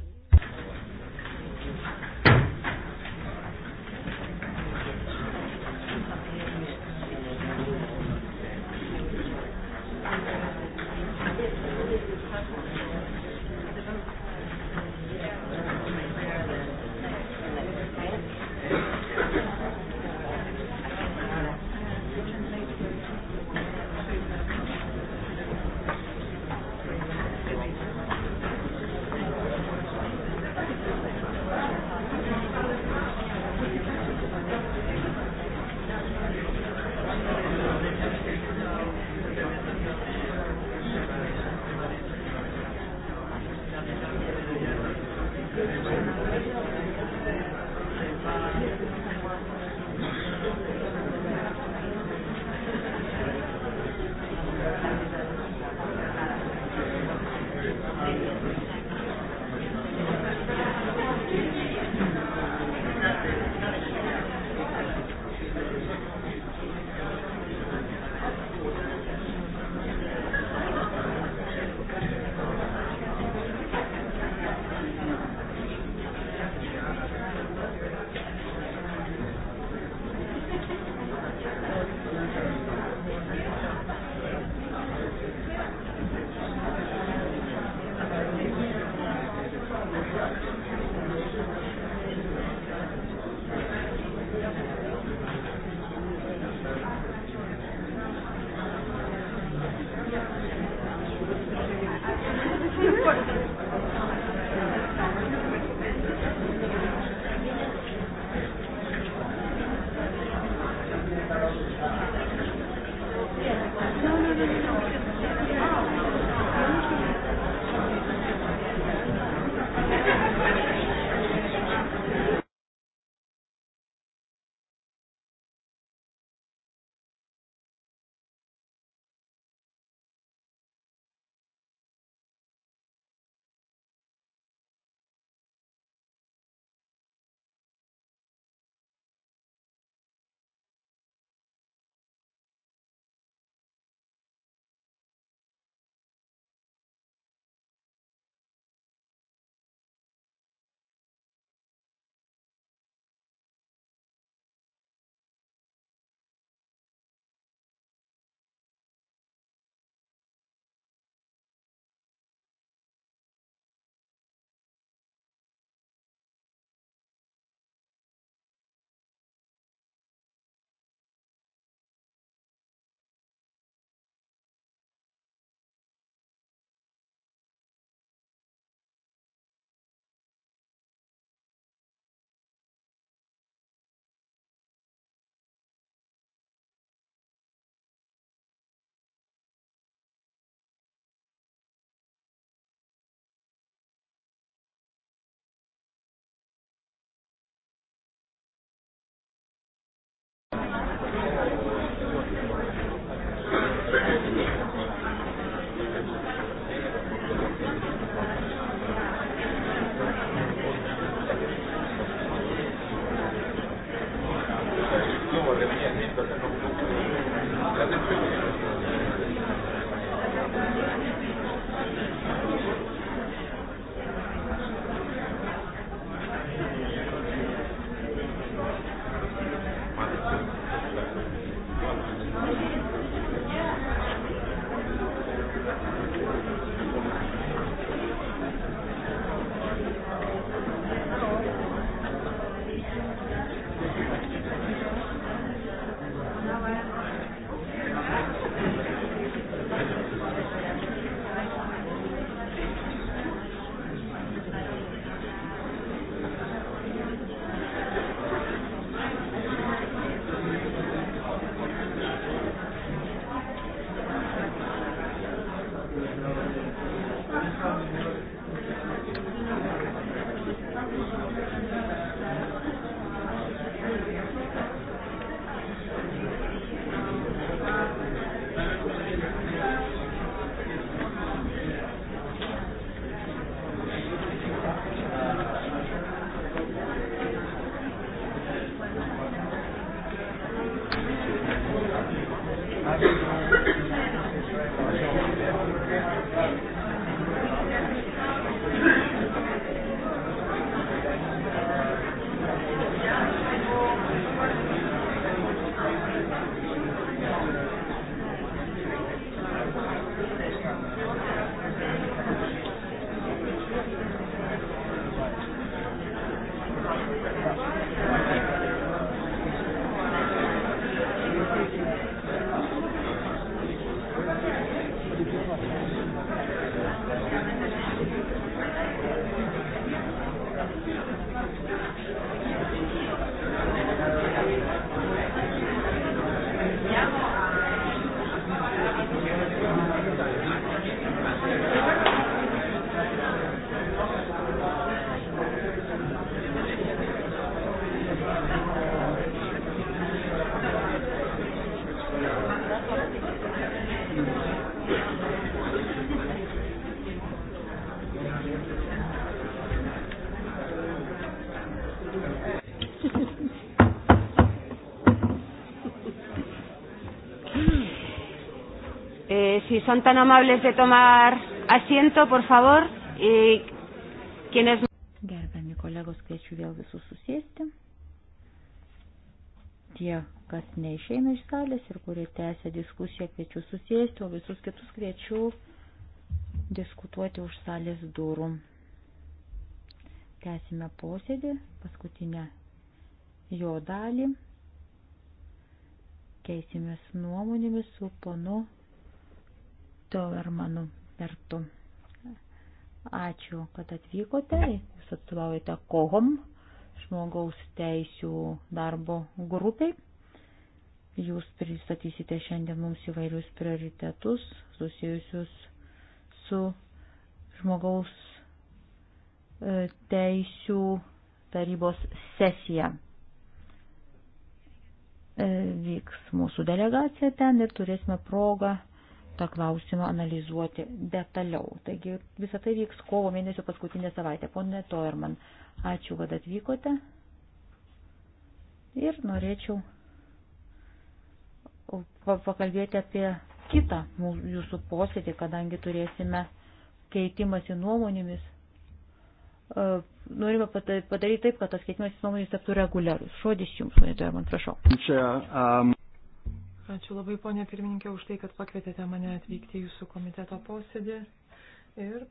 si son tan amables de tomar asiento, por favor, y quienes. Gerbiami kolegos, kviečiu vėl visus susėsti. Tie, kas neišeina iš salės ir kurie tęsia diskusiją, kviečiu susėsti, o visus kitus kviečiu diskutuoti už salės durų. Tęsime posėdį, paskutinę jo dalį. Keisimės nuomonėmis su ponu Tovermanu Bertu. Ačiū, kad atvykote. Jūs atstovaujate KOHOM, žmogaus teisių darbo grupiai. Jūs pristatysite šiandien mums įvairius prioritetus susijusius su žmogaus e, teisių tarybos sesija. E, vyks mūsų delegacija ten ir turėsime progą tą klausimą analizuoti detaliau. Taigi visą tai vyks kovo mėnesio paskutinę savaitę. Pone Toerman, ačiū, kad atvykote. Ir norėčiau pakalbėti apie kitą jūsų posėdį, kadangi turėsime keitimąsi nuomonėmis. E, norime padaryti taip, kad tas keitimas nuomonės taptų reguliarus. Šodis jums, ponė Toerman, prašau. Čia, um... Ačiū labai, ponė pirmininkė, už tai, kad pakvietėte mane atvykti į jūsų komiteto posėdį. Ir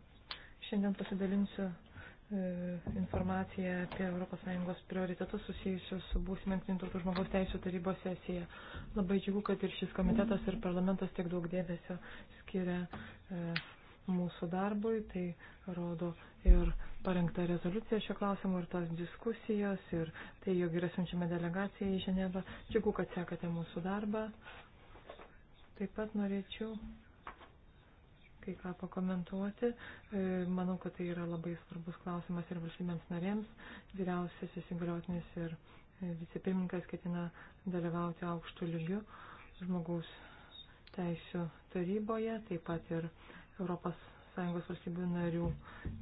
šiandien pasidalinsiu e, informaciją apie ES prioritetus susijusius su būsime Tautų žmogaus teisų tarybos sesija. Labai džiugu, kad ir šis komitetas ir parlamentas tiek daug dėmesio skiria e, mūsų darbui, tai rodo ir parengta rezoliucija šio klausimu ir tos diskusijos ir tai, jog yra siunčiame delegaciją į Ženevą. Džiugu, kad sekate mūsų darbą. Taip pat norėčiau kai ką pakomentuoti. E, manau, kad tai yra labai svarbus klausimas ir valstybėms narėms. Vyriausiasis įgaliotinis ir e, vicepirmininkas ketina dalyvauti aukštų lygių žmogaus teisų taryboje, taip pat ir uh, ES valstybių narių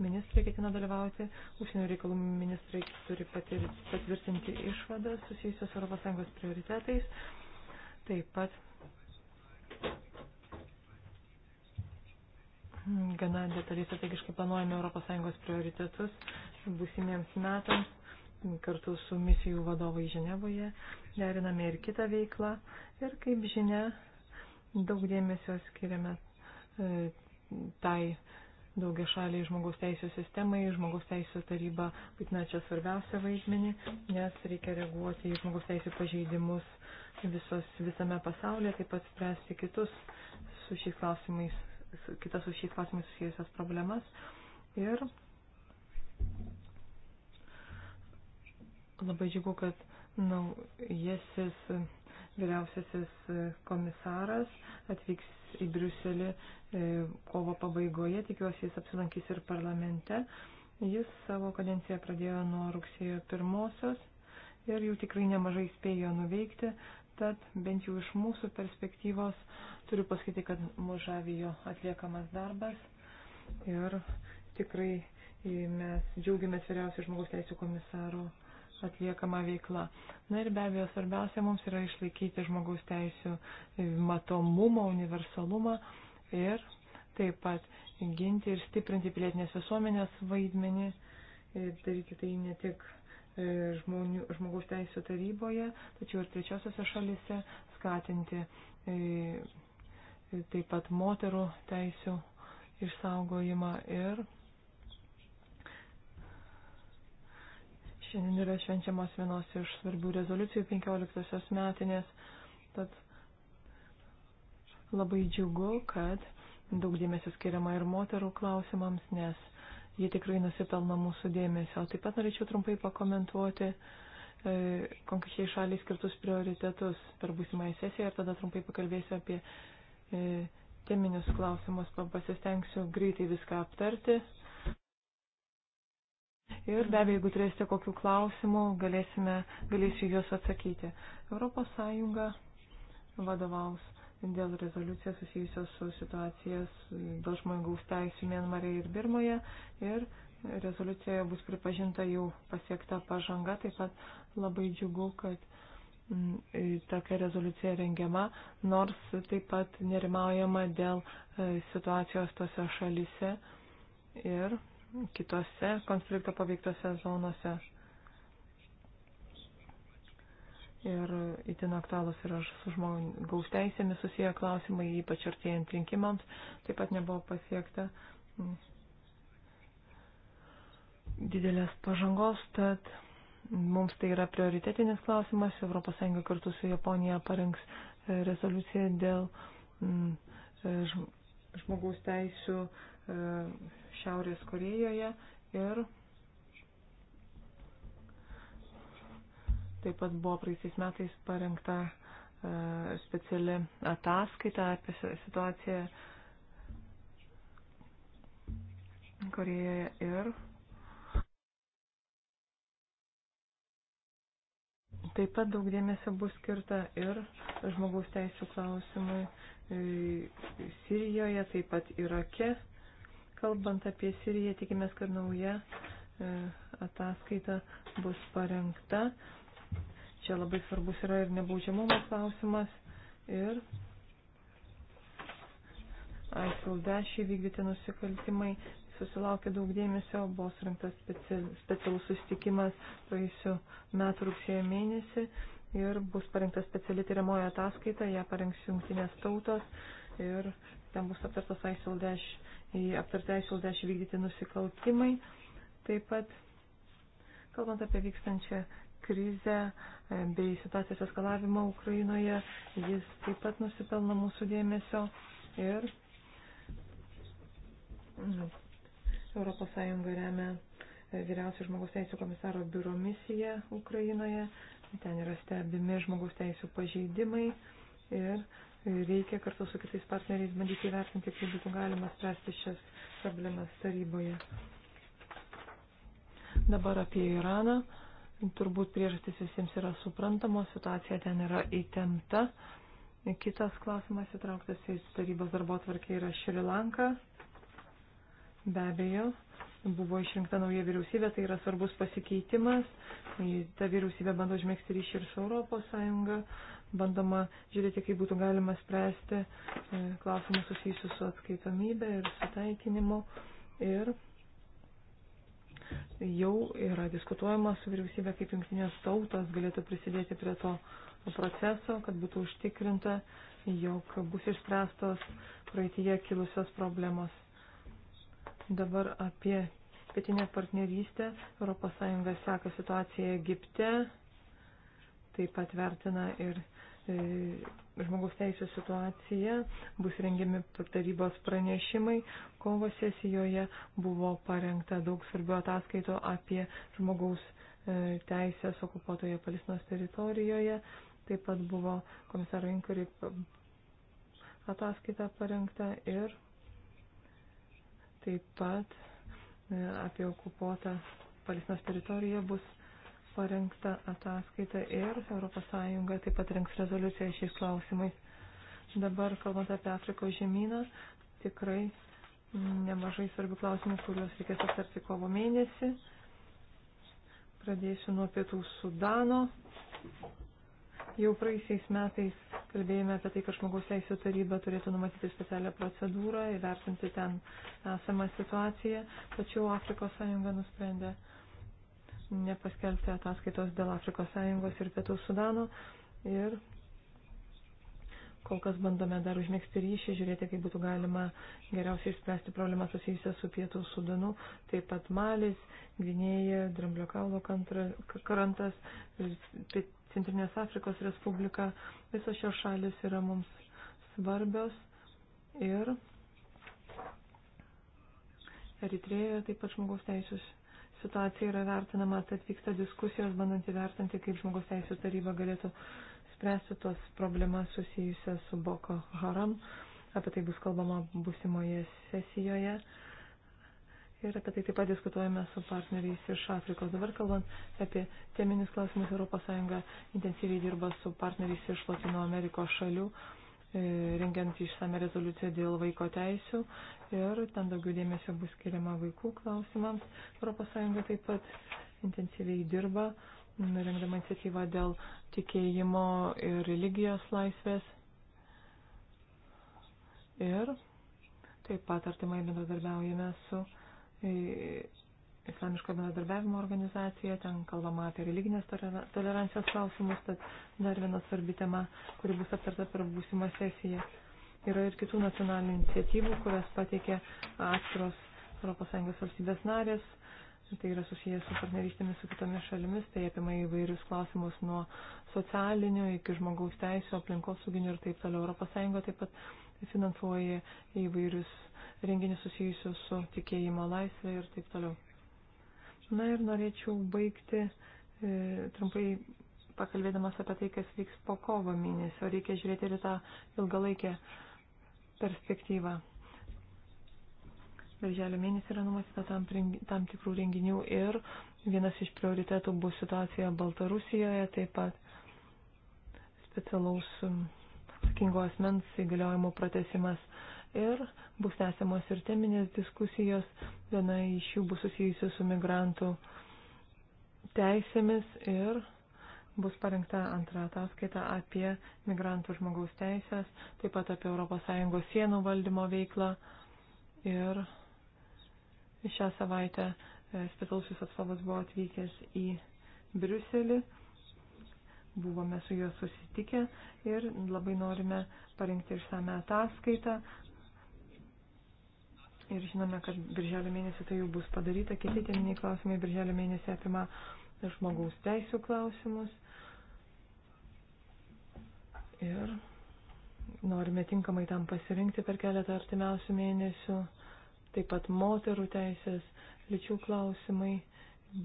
ministrai ketina dalyvauti. Užsienio reikalų ministrai turi patir, patvirtinti išvadas susijusios ES prioritetais. Taip pat gana detaliai strategiškai planuojame ES prioritetus būsimiems metams. Kartu su misijų vadovai Ženevoje deriname ir kitą veiklą. Ir kaip žinia, daug dėmesio skiriame e, tai daugia šaliai žmogaus teisų sistemai, žmogaus teisų taryba vaidina čia svarbiausią vaidmenį, nes reikia reaguoti į žmogaus teisų pažeidimus visos, visame pasaulyje, taip pat spręsti kitus su šiais klausimais, kitas su šiais klausimais susijusias problemas. Ir labai džiugu, kad naujasis. Nu, Vyriausiasis e, komisaras atvyks į Briuselį e, kovo pabaigoje, tikiuosi jis apsilankys ir parlamente. Jis savo kadenciją pradėjo nuo rugsėjo pirmosios ir jau tikrai nemažai spėjo nuveikti, tad bent jau iš mūsų perspektyvos turiu pasakyti, kad mužavijo atliekamas darbas ir tikrai e, mes džiaugiamės vyriausių žmogaus teisų komisaro atliekama veikla. Na ir be abejo, svarbiausia mums yra išlaikyti žmogaus teisų matomumą, universalumą ir taip pat ginti ir stiprinti pilietinės visuomenės vaidmenį ir daryti tai ne tik e, žmonių, žmogaus teisų taryboje, tačiau ir trečiosiose šalise skatinti e, taip pat moterų teisų išsaugojimą ir Šiandien yra švenčiamos vienos iš svarbių rezoliucijų 15 metinės, tad labai džiugu, kad daug dėmesio skiriama ir moterų klausimams, nes jie tikrai nusipelno mūsų dėmesio. Taip pat norėčiau trumpai pakomentuoti e, konkrečiai šaliai skirtus prioritetus per būsimąją sesiją ir tada trumpai pakalbėsiu apie e, teminius klausimus, pasistengsiu greitai viską aptarti. Ir be abejo, jeigu turėsite kokių klausimų, galėsime, galėsiu juos atsakyti. Europos Sąjunga vadovaus dėl rezoliucijos susijusios su situacijas dėl žmogaus teisų Mienmarė ir Birmoje. Ir rezoliucijoje bus pripažinta jau pasiekta pažanga. Taip pat labai džiugu, kad mm, e, tokia rezoliucija rengiama, nors taip pat nerimaujama dėl e, situacijos tose šalise. Ir kitose konflikto paveiktose zonose. Ir itin aktualus yra su žmogaus teisėmis susiję klausimai, ypač artėjant rinkimams, taip pat nebuvo pasiekta didelės pažangos, tad mums tai yra prioritetinis klausimas. ES kartu su Japonija parengs e, rezoliuciją dėl e, žmogaus teisų e, Šiaurės Korejoje ir taip pat buvo praeisiais metais parengta e, speciali ataskaita apie situaciją Korejoje ir Taip pat daug dėmesio bus skirta ir žmogaus teisų klausimui e, Sirijoje, taip pat Irake. Kalbant apie Siriją, tikimės, kad nauja e, ataskaita bus parengta. Čia labai svarbus yra ir nebaudžiamumo klausimas. Ir ISIL 10 vykdyti nusikaltimai susilaukė daug dėmesio, buvo surinktas specialus susitikimas praėjusiu metu rugsėjo mėnesį ir bus parengta speciali tyriamoja ataskaita, ją parengs jungtinės tautos ir ten bus aptartas ISIL 10 aptartai išlaidą vykdyti nusikaltimai. Taip pat, kalbant apie vykstančią krizę e, bei situacijos eskalavimą Ukrainoje, jis taip pat nusipelno mūsų dėmesio ir nu, ES remia e, vyriausių žmogaus teisų komisaro biuro misiją Ukrainoje. Ten yra stebimi žmogaus teisų pažeidimai ir reikia kartu su kitais partneriais bandyti įvertinti, kaip būtų galima spręsti šias problemas taryboje. Dabar apie Iraną. Turbūt priežastis visiems yra suprantamos, situacija ten yra įtempta. Kitas klausimas įtrauktas į tarybos darbo tvarkį yra Šrilanka. Be abejo, buvo išrinkta nauja vyriausybė, tai yra svarbus pasikeitimas. Ta vyriausybė bando užmėgsti ryšį ir su Europos Sąjunga bandoma žiūrėti, kaip būtų galima spręsti e, klausimus susijusius su atskaitomybė ir sutaikinimu. Ir jau yra diskutuojama su vyriausybė, kaip jungtinės tautos galėtų prisidėti prie to proceso, kad būtų užtikrinta, jog bus išspręstos praeitie kilusios problemos. Dabar apie pietinę partnerystę. ES seka situaciją Egipte, taip pat vertina ir E, žmogaus teisų situacija, bus rengiami tarybos pranešimai. Kovo sesijoje buvo parengta daug svarbių ataskaitų apie žmogaus e, teisės okupuotoje Palestinos teritorijoje. Taip pat buvo komisaro Inkari ataskaita parengta ir taip pat e, apie okupuotą Palestinos teritoriją bus parengta ataskaita ir ES taip pat rengs rezoliuciją šiais klausimais. Dabar, kalbant apie Afrikos žemyną, tikrai nemažai svarbių klausimų, kuriuos reikės aptarti kovo mėnesį. Pradėsiu nuo pietų Sudano. Jau praeisiais metais kalbėjome apie tai, kad žmogaus teisų taryba turėtų numatyti specialią procedūrą, įvertinti ten esamą situaciją, tačiau Afrikos sąjunga nusprendė nepaskelbti ataskaitos dėl Afrikos Sąjungos ir Pietų Sudano. Ir kol kas bandome dar užmėgsti ryšį, žiūrėti, kaip būtų galima geriausiai išspręsti problemą susijusią su Pietų Sudanu, taip pat Malis, Gvinėja, Dramblio kalvo krantas, Centrinės Afrikos Respublika. Visos šios šalis yra mums svarbios ir Eritrėjoje taip pat žmogaus teisės situacija yra vertinama, tad vyksta diskusijos, bandant įvertinti, kaip žmogus teisų taryba galėtų spręsti tos problemas susijusias su Boko Haram. Apie tai bus kalbama būsimoje sesijoje. Ir apie tai taip pat diskutuojame su partneriais iš Afrikos. Dabar kalbant apie teminius klausimus, ES intensyviai dirba su partneriais iš Latino Amerikos šalių. E, rengiant išsame rezoliuciją dėl vaiko teisų ir ten daugiau dėmesio bus skiriama vaikų klausimams. ES taip pat intensyviai dirba, rengdama iniciatyvą dėl tikėjimo ir religijos laisvės. Ir taip pat artimai bendradarbiaujame su e, islamiško bendradarbiavimo organizacijoje, ten kalbama apie religinės tolerancijos klausimus, tad dar viena svarbi tema, kuri bus aptarta per būsimą sesiją. Yra ir kitų nacionalinių iniciatyvų, kurias pateikė atskiros ES valstybės narės. Tai yra susijęs su partnerystėmis su kitomis šalimis, tai apima įvairius klausimus nuo socialinių iki žmogaus teisų, aplinkosauginių ir taip toliau. ES taip pat finansuoja įvairius renginius susijusius su tikėjimo laisvė ir taip toliau. Na ir norėčiau baigti e, trumpai pakalbėdamas apie tai, kas vyks po kovo mėnesio. Reikia žiūrėti ir tą ilgalaikę perspektyvą. Birželio mėnesį yra numatyta tam, tam tikrų renginių ir vienas iš prioritetų bus situacija Baltarusijoje, taip pat specialaus atsakingo asmens įgaliojimo pratesimas ir bus tęsiamos ir teminės diskusijos. Viena iš jų bus susijusi su migrantų teisėmis ir bus parengta antra ataskaita apie migrantų žmogaus teisės, taip pat apie ES sienų valdymo veiklą. Ir šią savaitę e, specialusis atstovas buvo atvykęs į Briuselį buvome su juo susitikę ir labai norime parengti išsame ataskaitą, ir žinome, kad birželio mėnesį tai jau bus padaryta. Kiti teminiai klausimai birželio mėnesį apima žmogaus teisų klausimus. Ir norime tinkamai tam pasirinkti per keletą artimiausių mėnesių. Taip pat moterų teisės, lyčių klausimai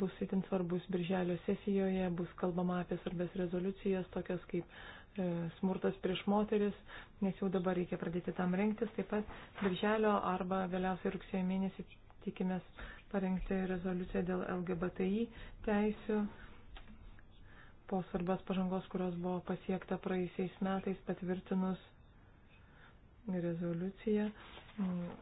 bus itin svarbus birželio sesijoje, bus kalbama apie svarbės rezoliucijas, tokias kaip E, smurtas prieš moteris, nes jau dabar reikia pradėti tam rengtis. Taip pat birželio arba vėliausiai rugsėjo mėnesį tikimės parengti rezoliuciją dėl LGBTI teisių po svarbios pažangos, kurios buvo pasiekta praeisiais metais patvirtinus rezoliuciją, mm,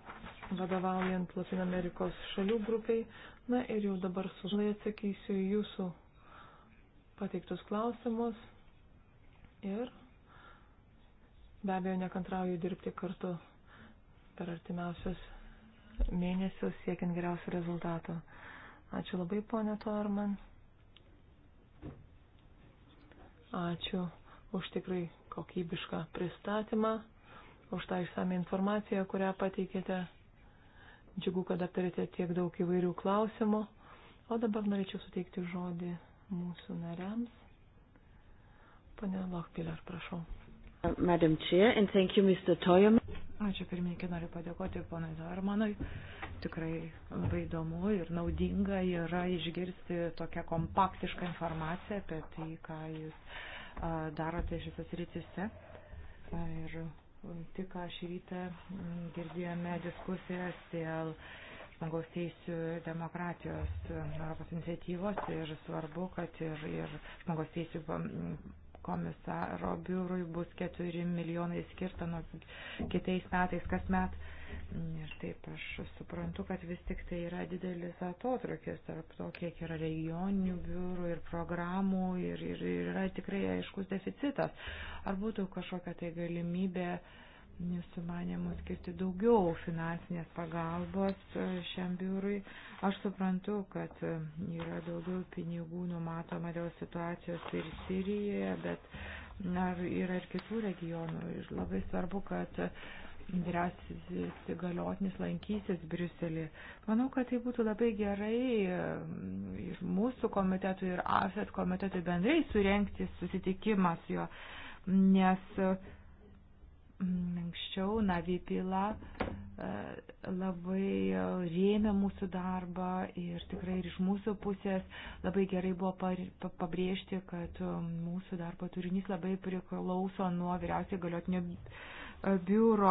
vadovaujant Latino Amerikos šalių grupiai. Na ir jau dabar sužlai atsakysiu į jūsų pateiktus klausimus ir be abejo nekantrauju dirbti kartu per artimiausius mėnesius siekiant geriausių rezultatų. Ačiū labai, ponė Torman. Ačiū už tikrai kokybišką pristatymą, už tą išsame informaciją, kurią pateikėte. Džiugu, kad aptarėte tiek daug įvairių klausimų. O dabar norėčiau suteikti žodį mūsų nariams. Pane Lochpiller, prašau. Madam Chair, and thank you, Mr. Toyman. Ačiū pirmininkė, noriu padėkoti ponui Zarmanui. Tikrai labai įdomu ir naudinga yra išgirsti tokią kompaktišką informaciją apie tai, ką jūs darote šitas rytise. Ir tik ką šį rytą girdėjome diskusijas dėl žmogaus teisų demokratijos Europos iniciatyvos ir svarbu, kad ir, ir žmogaus teisų komisaro biurui bus 4 milijonai skirta nuo kitais metais kasmet. Ir taip aš suprantu, kad vis tik tai yra didelis atotrukis tarp to, kiek yra regioninių biurų ir programų ir, ir, ir yra tikrai aiškus deficitas. Ar būtų kažkokia tai galimybė uh, nesumanėmų skirti daugiau finansinės pagalbos e, šiam biurui. Aš suprantu, kad e, yra daugiau pinigų numatoma dėl situacijos ir Sirijoje, bet ar yra ir kitų regionų. Ir labai svarbu, kad e, vyriausiasis įgaliotinis lankysis Briuselį. Manau, kad tai būtų labai gerai ir mūsų komitetui, ir AFET komitetui bendrai surenkti susitikimą su juo, nes uh, anksčiau Navi Pila e, labai rėmė mūsų darbą ir tikrai ir iš mūsų pusės labai gerai buvo pabrėžti, kad e, mūsų darbo turinys labai priklauso nuo vyriausiai galiotinio biuro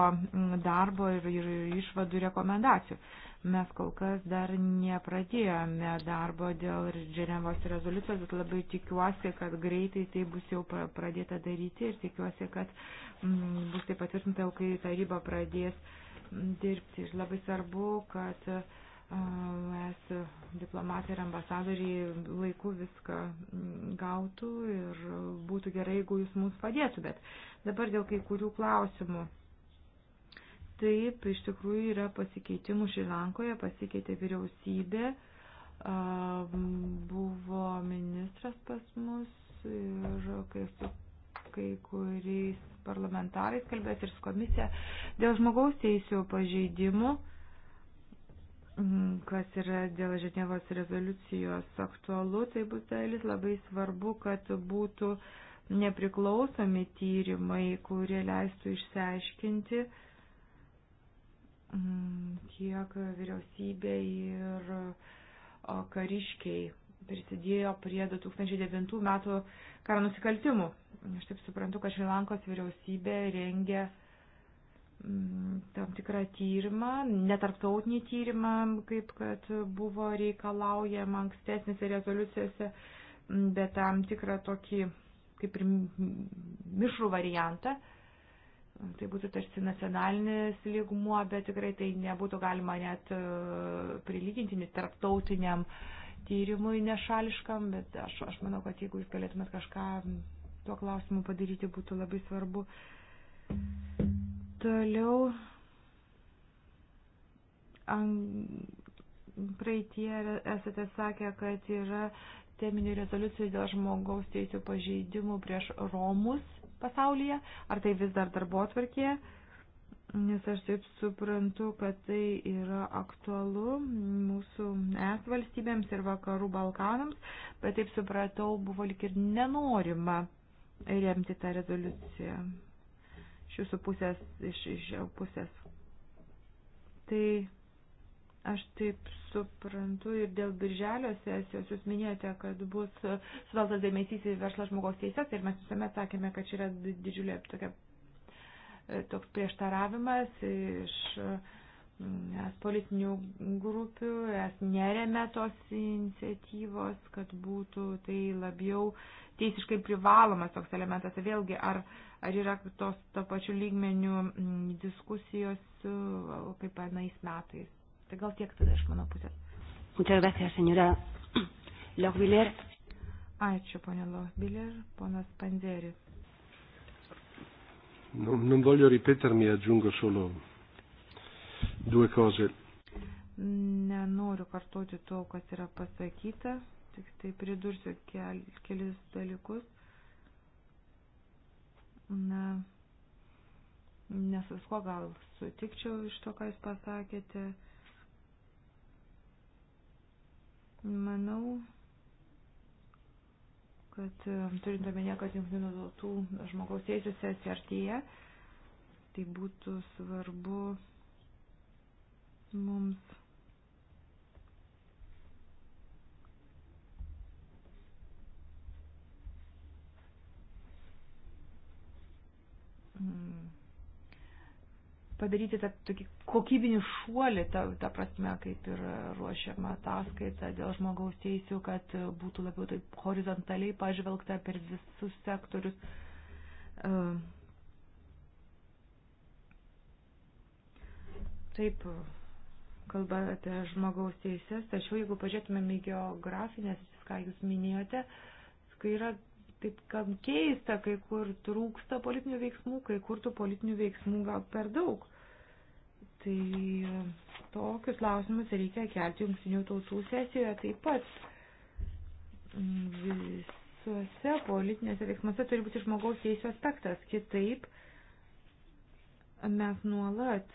darbo ir, ir išvadų rekomendacijų. Mes kol kas dar nepradėjome darbo dėl Ženevos rezoliucijos, bet labai tikiuosi, kad greitai tai bus jau pradėta daryti ir tikiuosi, kad m, mm, bus tai patvirtinta, kai taryba pradės mm, dirbti. Ir labai svarbu, kad mes diplomatai ir ambasadoriai laiku viską mm, gautų ir būtų gerai, jeigu jūs mums padėtumėt. Dabar dėl kai kurių klausimų. Taip, iš tikrųjų yra pasikeitimų Šilankoje, pasikeitė vyriausybė, buvo ministras pas mus ir kai su kai kuriais parlamentarais kalbės ir su komisija dėl žmogaus teisų pažeidimų, kas yra dėl Ženevos rezoliucijos aktualu, tai bus dalis labai svarbu, kad būtų nepriklausomi tyrimai, kurie leistų išsiaiškinti, uh, Mm, tiek vyriausybė ir kariškiai prisidėjo prie 2009 metų karo nusikaltimų. Aš taip suprantu, kad Šrilankos vyriausybė rengia mm, tam tikrą tyrimą, netarptautinį tyrimą, kaip kad buvo reikalaujama ankstesnėse rezoliucijose, mm, bet tam tikrą tokį kaip ir mišrų variantą tai būtų tarsi nacionalinis lygmuo, bet tikrai tai nebūtų galima net e, prilyginti tarptautiniam tyrimui nešališkam, bet aš, aš manau, kad jeigu jūs galėtumėt kažką tuo klausimu padaryti, būtų labai svarbu. Toliau an, praeitie esate sakę, kad yra teminių rezoliucijų dėl žmogaus teisų pažeidimų prieš Romus pasaulyje, ar tai vis dar darbo atvarkėje, nes aš taip suprantu, kad tai yra aktualu mūsų es valstybėms ir vakarų Balkanams, bet taip supratau, buvo lik ir nenorima remti tą rezoliuciją iš jūsų pusės, iš, iš pusės. Tai Aš taip suprantu ir dėl birželio sesijos jūs minėjote, kad bus sveltas dėmesys į verslą žmogaus teisės ir mes visuomet sakėme, kad čia yra didžiulė tokia, e, toks prieštaravimas iš mm, es politinių grupių, es neremia tos iniciatyvos, kad būtų tai labiau teisiškai privalomas toks elementas. Tai vėlgi, ar, ar yra tos to pačiu lygmeniu mm, diskusijos kaip anais metais? Tai gal tiek tada iš mano pusės. Muchas gracias, señora Lochbiller. Ačiū, ponė Lochbiller, ponas Panderis. Non, non voglio ripetermi, aggiungo solo due cose. Nenoriu kartoti to, kas yra pasakyta, tik tai pridursiu kel, kelis dalykus. Na, nes visko gal sutikčiau iš to, ką jūs pasakėte. Manau, kad e, turint omenyje, kad jungtinių tautų žmogaus teisų sesija artėja, tai būtų svarbu mums padaryti tą tokį kokybinį šuolį, ta, ta prasme, kaip ir ruošiama ataskaita dėl žmogaus teisių, kad būtų labiau taip horizontaliai pažvelgta per visus sektorius. E, taip, kalba apie žmogaus teisės, tačiau jeigu pažiūrėtumėm į geografinės, ką jūs minėjote, kai yra taip kam keista, kai kur trūksta politinių veiksmų, kai kur tų politinių veiksmų gal per daug. Uh, Tai e, tokius klausimus reikia kelti jungtinių tautų sesijoje taip pat. Mm, visuose politinėse veiksmuose turi būti žmogaus teisų aspektas. Kitaip mes nuolat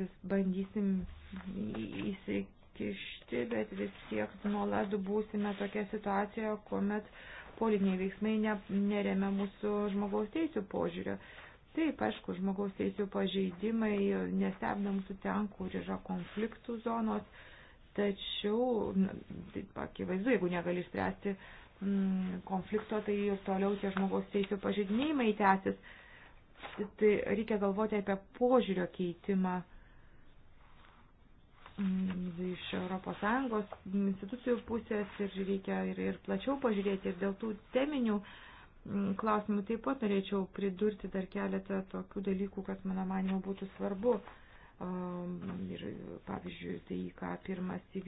vis bandysim įsikišti, bet vis tiek nuolat būsime tokia situacija, kuomet politiniai veiksmai neremia mūsų žmogaus teisų požiūrio. Uh, Taip, aišku, žmogaus teisų pažeidimai nestebina mūsų ten, kur yra konfliktų zonos, tačiau, taip, akivaizdu, jeigu negali spręsti mm, konflikto, tai toliau tie žmogaus teisų pažeidinėjimai tęsis. Tai reikia galvoti apie požiūrio keitimą mm, iš ES institucijų pusės ir reikia ir, ir plačiau pažiūrėti ir dėl tų teminių uh, Mm, klausimų taip pat norėčiau pridurti dar keletą tokių dalykų, kas mano manimo būtų svarbu. Um, ir pavyzdžiui, tai, ką pirmas tik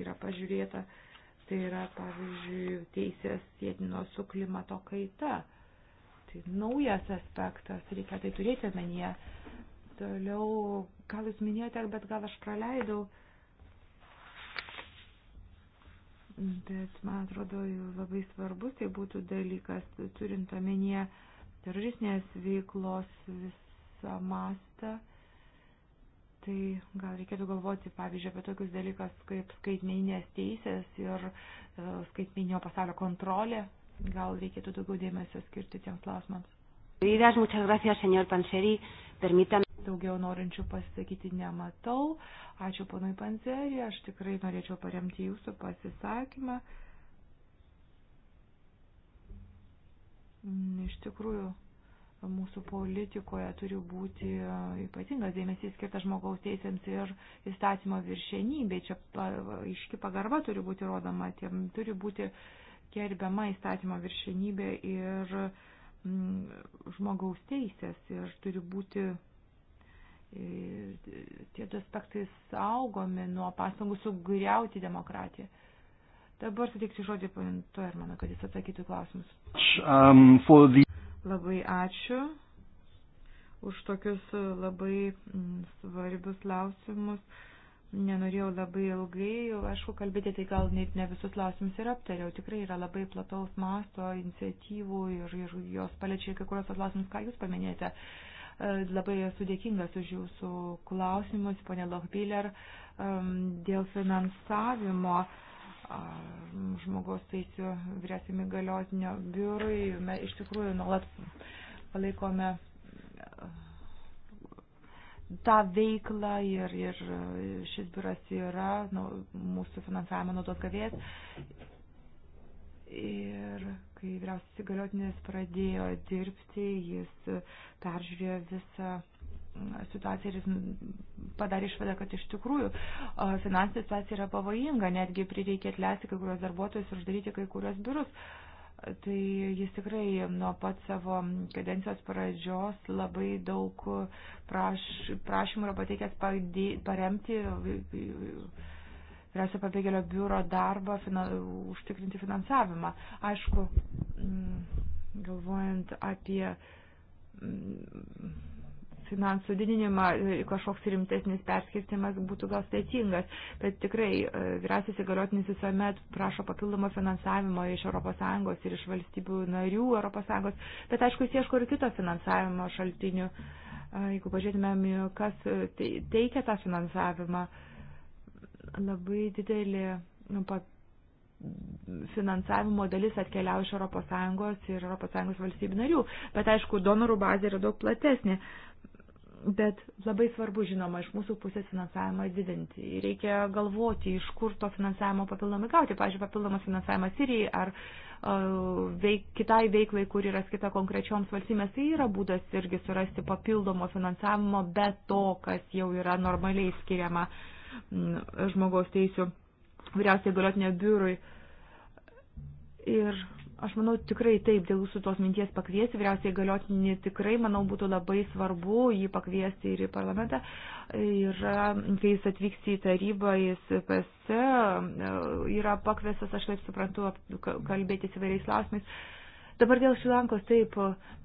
yra pažiūrėta, tai yra, pavyzdžiui, teisės sėdino su klimato kaita. Tai naujas aspektas, reikia tai turėti omenyje. Toliau, gal jūs minėjote, bet gal aš praleidau. Uh, bet man atrodo labai svarbus tai būtų dalykas, turint omenyje teroristinės veiklos visą mastą. Tai gal reikėtų galvoti, pavyzdžiui, apie tokius dalykas kaip skaitmeninės teisės ir e, skaitmeninio pasaulio kontrolė. Gal reikėtų daugiau dėmesio skirti tiems klausimams. Muchas gracias, señor Panseri. Permítanme. Daugiau norinčių pasisakyti nematau. Ačiū ponui Panzerį, aš tikrai norėčiau paremti jūsų pasisakymą. Iš tikrųjų, mūsų politikoje turi būti ypatingas dėmesys skirtas žmogaus teisėms ir įstatymo viršenybė. Čia aiški pagarba turi būti rodoma, tiem turi būti gerbiama įstatymo viršenybė ir m, mm, žmogaus teisės ir turi būti tie du aspektai saugomi nuo pastangų sugriauti demokratiją. Dabar sutiksiu žodį paninto ir manau, kad jis atsakytų klausimus. Um, the... Labai ačiū už tokius labai mm, svarbius klausimus. Nenorėjau labai ilgai, aišku, kalbėti tai gal net ne visus klausimus ir aptariau. Tikrai yra labai plataus masto iniciatyvų ir, ir jos paliečia kai kurios klausimus, ką jūs paminėjote. Uh, Labai esu dėkingas už jūsų klausimus, ponė Lochbiller, dėl finansavimo žmogaus teisų vyresimi galiotinio biurui. Mes iš tikrųjų nuolat palaikome e, tą veiklą ir, ir šis biuras yra nu, mūsų finansavimo naudos gavėjas. Ir kai vyriausias įgaliotinis pradėjo dirbti, jis peržiūrėjo visą situaciją ir jis padarė išvadą, kad iš tikrųjų finansinė situacija yra pavojinga, netgi prireikė atleisti kai kurios darbuotojus ir uždaryti kai kurios biurus. Tai jis tikrai nuo pat savo kadencijos pradžios labai daug praš, prašymų yra pateikęs paremti vyriausio pabėgėlio biuro darbą fina, užtikrinti finansavimą. Aišku, mm, galvojant apie mm, finansų didinimą, e, kažkoks rimtesnis perskirtimas būtų gal steitingas, bet tikrai e, vyriausias įgaliotinis visuomet prašo papildomo finansavimo iš ES ir iš valstybių narių ES, bet aišku, jis ieško ir kito finansavimo šaltinių. E, jeigu pažiūrėtumėm, kas teikia tą finansavimą, uh, labai didelė nu, pat, finansavimo dalis atkeliauja iš ES ir ES valstybių narių. Bet aišku, donorų bazė yra daug platesnė. Bet labai svarbu, žinoma, iš mūsų pusės finansavimą didinti. Reikia galvoti, iš kur to finansavimo papildomai gauti. Pavyzdžiui, papildomas finansavimas Sirijai ar uh, veik, kitai veiklai, kur yra skita konkrečioms valstybėms, tai yra būdas irgi surasti papildomo finansavimo be to, kas jau yra normaliai skiriama uh, Mm, žmogaus teisų vyriausiai galiotinio biurui. Ir aš manau tikrai taip, dėl jūsų tos minties pakviesti vyriausiai galiotinį tikrai, manau, būtų labai svarbu jį pakviesti ir į parlamentą. Ir e, kai jis atvyks į tarybą, jis PS e, e, yra pakviestas, aš kaip suprantu, kalbėtis įvairiais klausimais Dabar dėl Šilankos taip,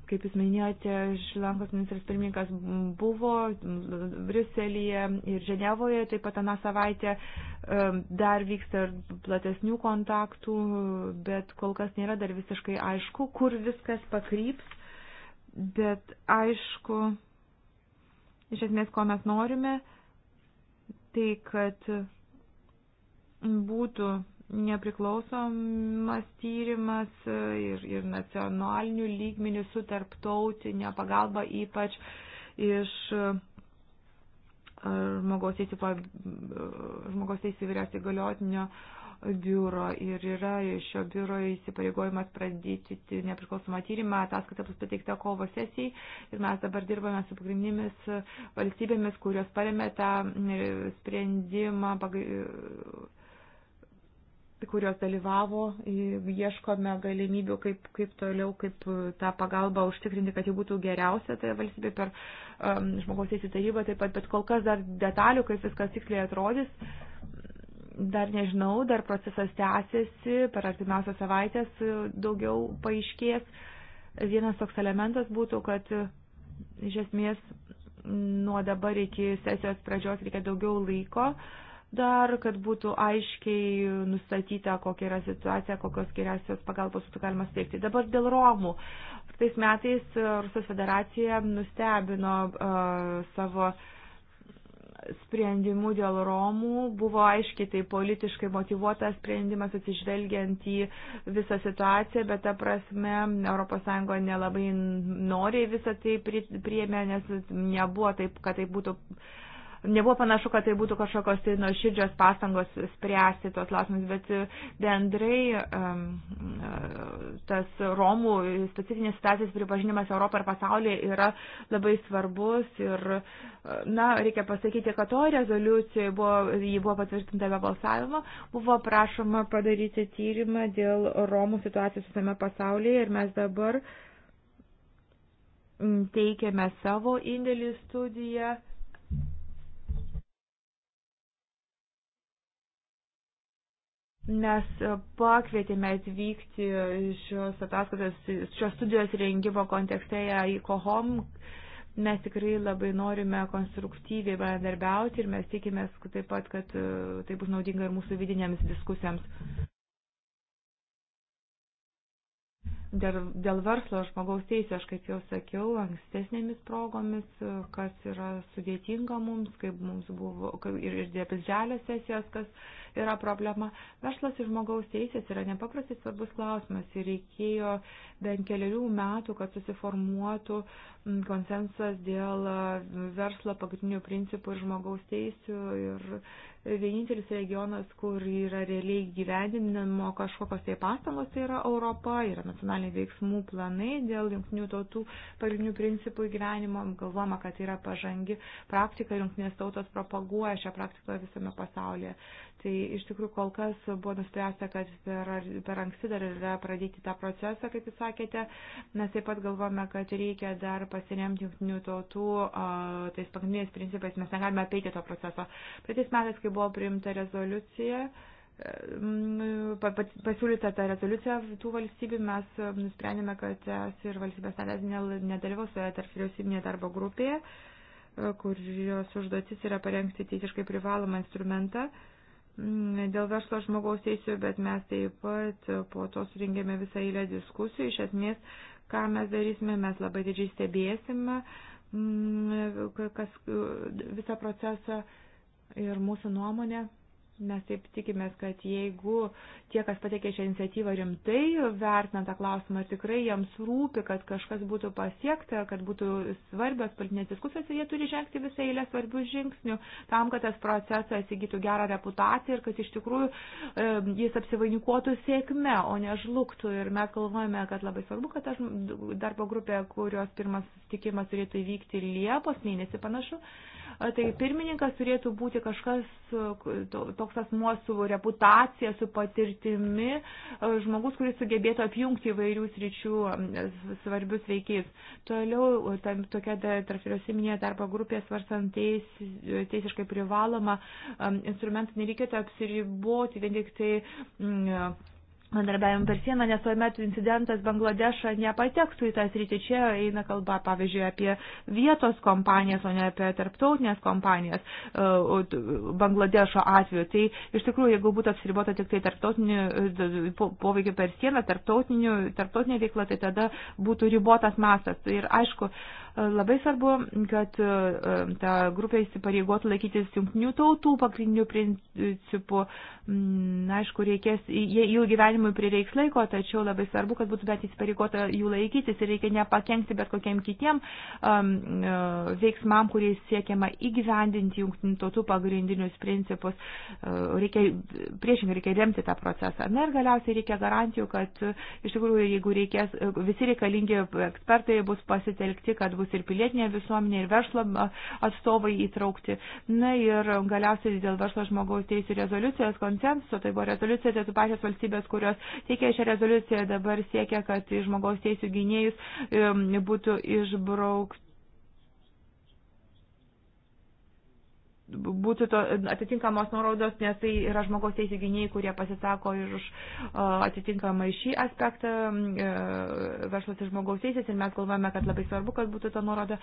kaip jūs minėjote, Šilankos ministras pirmininkas buvo Briuselėje ir Ženevoje, taip pat aną savaitę dar vyksta ir platesnių kontaktų, bet kol kas nėra dar visiškai aišku, kur viskas pakryps, bet aišku, iš esmės, ko mes norime, tai kad būtų nepriklausomas tyrimas e, ir, ir nacionalinių lygmenių su tarptautinė pagalba ypač iš e, žmogaus teisų, e, žmogaus teisų vyriausiai galiotinio biuro ir yra šio biuro įsipareigojimas pradėti nepriklausomą tyrimą, ataskaita bus pateikta kovo sesijai ir mes dabar dirbame su pagrindinėmis valstybėmis, kurios paremė tą sprendimą kurios dalyvavo, ieškome galimybių, kaip, kaip toliau, kaip e, tą pagalbą užtikrinti, kad ji būtų geriausia toje tai valstybėje per um, žmogaus teisų tarybą taip pat, bet kol kas dar detalių, kaip viskas tiksliai atrodys, dar nežinau, dar procesas tęsiasi, per artimiausias savaitės e, daugiau paaiškės. Vienas toks elementas būtų, kad e, iš esmės nuo dabar iki sesijos pradžios reikia daugiau laiko. Uh, dar, kad būtų aiškiai nustatyta, kokia yra situacija, kokios geriausios pagalbos būtų galima steigti. Dabar dėl Romų. Tais metais Rusijos federacija nustebino uh, savo sprendimų dėl Romų buvo aiškiai tai politiškai motivuotas sprendimas atsižvelgiant į visą situaciją, bet ta prasme ES nelabai noriai visą tai priėmė, nes nebuvo taip, kad tai būtų uh, Nebuvo panašu, kad tai būtų kažkokios tai nuoširdžios pastangos spręsti tos klausimus, bet bendrai tas Romų specifinės situacijos pripažinimas Europoje ir pasaulyje yra labai svarbus ir, na, reikia pasakyti, kad to rezoliucijoje buvo, jį buvo patvirtinta be balsavimo, buvo prašoma padaryti tyrimą dėl Romų situacijos visame pasaulyje ir mes dabar teikiame savo indėlį studiją Mes pakvietėme atvykti šios ataskaitos, šios studijos rengimo kontekste į Kohom. Mes tikrai labai norime konstruktyviai bendarbiauti ir mes tikimės taip pat, kad e, tai bus naudinga ir mūsų vidinėms diskusijams. dėl, dėl verslo žmogaus teisė, aš kaip jau sakiau, ankstesnėmis progomis, kas yra sudėtinga mums, kaip mums buvo, kaip ir, ir dėl birželio sesijos, kas yra problema. Verslas ir žmogaus teisės yra nepaprastai svarbus klausimas ir reikėjo bent keliarių metų, kad susiformuotų konsensas dėl verslo pagrindinių principų ir žmogaus teisų ir vienintelis regionas, kur yra realiai gyvendinimo kažkokios tai pastangos, tai yra Europa, yra nacionaliniai veiksmų planai dėl jungtinių tautų pagrindinių principų gyvenimo. Galvojama, kad tai yra pažangi praktika, jungtinės tautos propaguoja šią praktiką visame pasaulyje. Tai iš tikrųjų kol kas buvo nuspręsta, kad per, per anksti dar yra pradėti tą procesą, kaip jūs sakėte. Mes taip pat galvome, kad reikia dar pasiremti jungtinių tautų tais pagrindiniais principais. Mes negalime apeiti to proceso. Praeitais metais, kai buvo priimta rezoliucija, e, pasiūlyta ta rezoliucija tų valstybių, mes nusprendėme, kad es ir valstybės narės nedalyvaus tarp vyriausybinėje darbo grupėje, kurios užduotis yra parengti teisiškai privalomą instrumentą Mm, dėl verslo žmogaus teisų, bet mes taip pat e, po to surinkėme visą eilę diskusijų. Iš esmės, ką mes darysime, mes labai didžiai stebėsime mm, e, kas, e, visą procesą ir mūsų nuomonę Mes taip tikimės, kad jeigu tie, kas patekė šią iniciatyvą rimtai, vertina tą klausimą ir tikrai jiems rūpi, kad kažkas būtų pasiekta, kad būtų svarbios politinės diskusijos, jie turi žengti visą eilę svarbių žingsnių tam, kad tas procesas įgytų gerą reputaciją ir kad iš tikrųjų e, jis apsivainikuotų sėkme, o ne žlugtų. Ir mes galvojame, kad labai svarbu, kad aš darbo grupė, kurios pirmas susitikimas turėtų įvykti Liepos mėnesį panašu, tai pirmininkas turėtų būti kažkas, toks asmuo su reputacija, su patirtimi, žmogus, kuris sugebėtų apjungti įvairių sričių svarbius veikėjus. Toliau, tam, tokia tarpvyriausybinė darbo grupė svarstant teis, teisiškai privaloma instrumentų nereikėtų apsiriboti vien tik tai. Mm, bendrabiavimą per sieną, nes tuomet incidentas Bangladešą nepatektų į tą sritį. Čia eina kalba, pavyzdžiui, apie vietos kompanijas, o ne apie tarptautinės kompanijas e, Bangladešo atveju. Tai iš tikrųjų, jeigu būtų apsiribota tik tai tarptautiniu poveikiu per sieną, tarptautinė veikla, tai tada būtų ribotas mastas. Ir aišku, Labai svarbu, kad e, ta grupė įsipareigotų laikytis jungtinių tautų pagrindinių principų. Na, mm, aišku, reikės, jų gyvenimui prireiks laiko, tačiau labai svarbu, kad būtų bent įsipareigota jų laikytis ir reikia nepakengti bet kokiem kitiem um, veiksmam, kuriais siekiama įgyvendinti jungtinių tautų pagrindinius principus. E, reikia, priešingai, reikia remti tą procesą. Na ir galiausiai reikia garantijų, kad iš tikrųjų, jeigu reikės, visi reikalingi ekspertai bus pasitelkti, kad bus bus ir pilietinė visuomenė, ir verslo atstovai įtraukti. Na ir galiausiai dėl verslo žmogaus teisų rezoliucijos konsensuso, tai buvo rezoliucija, tai su pačios valstybės, kurios teikia šią rezoliuciją, dabar siekia, kad žmogaus teisų gynėjus būtų išbraukti būti to, atitinkamos nuorodos, nes tai yra žmogaus teisų gyniai, kurie pasisako ir už atitinkamą šį aspektą e, verslas ir žmogaus teisės ir mes galvojame, kad labai svarbu, kad būtų ta nuoroda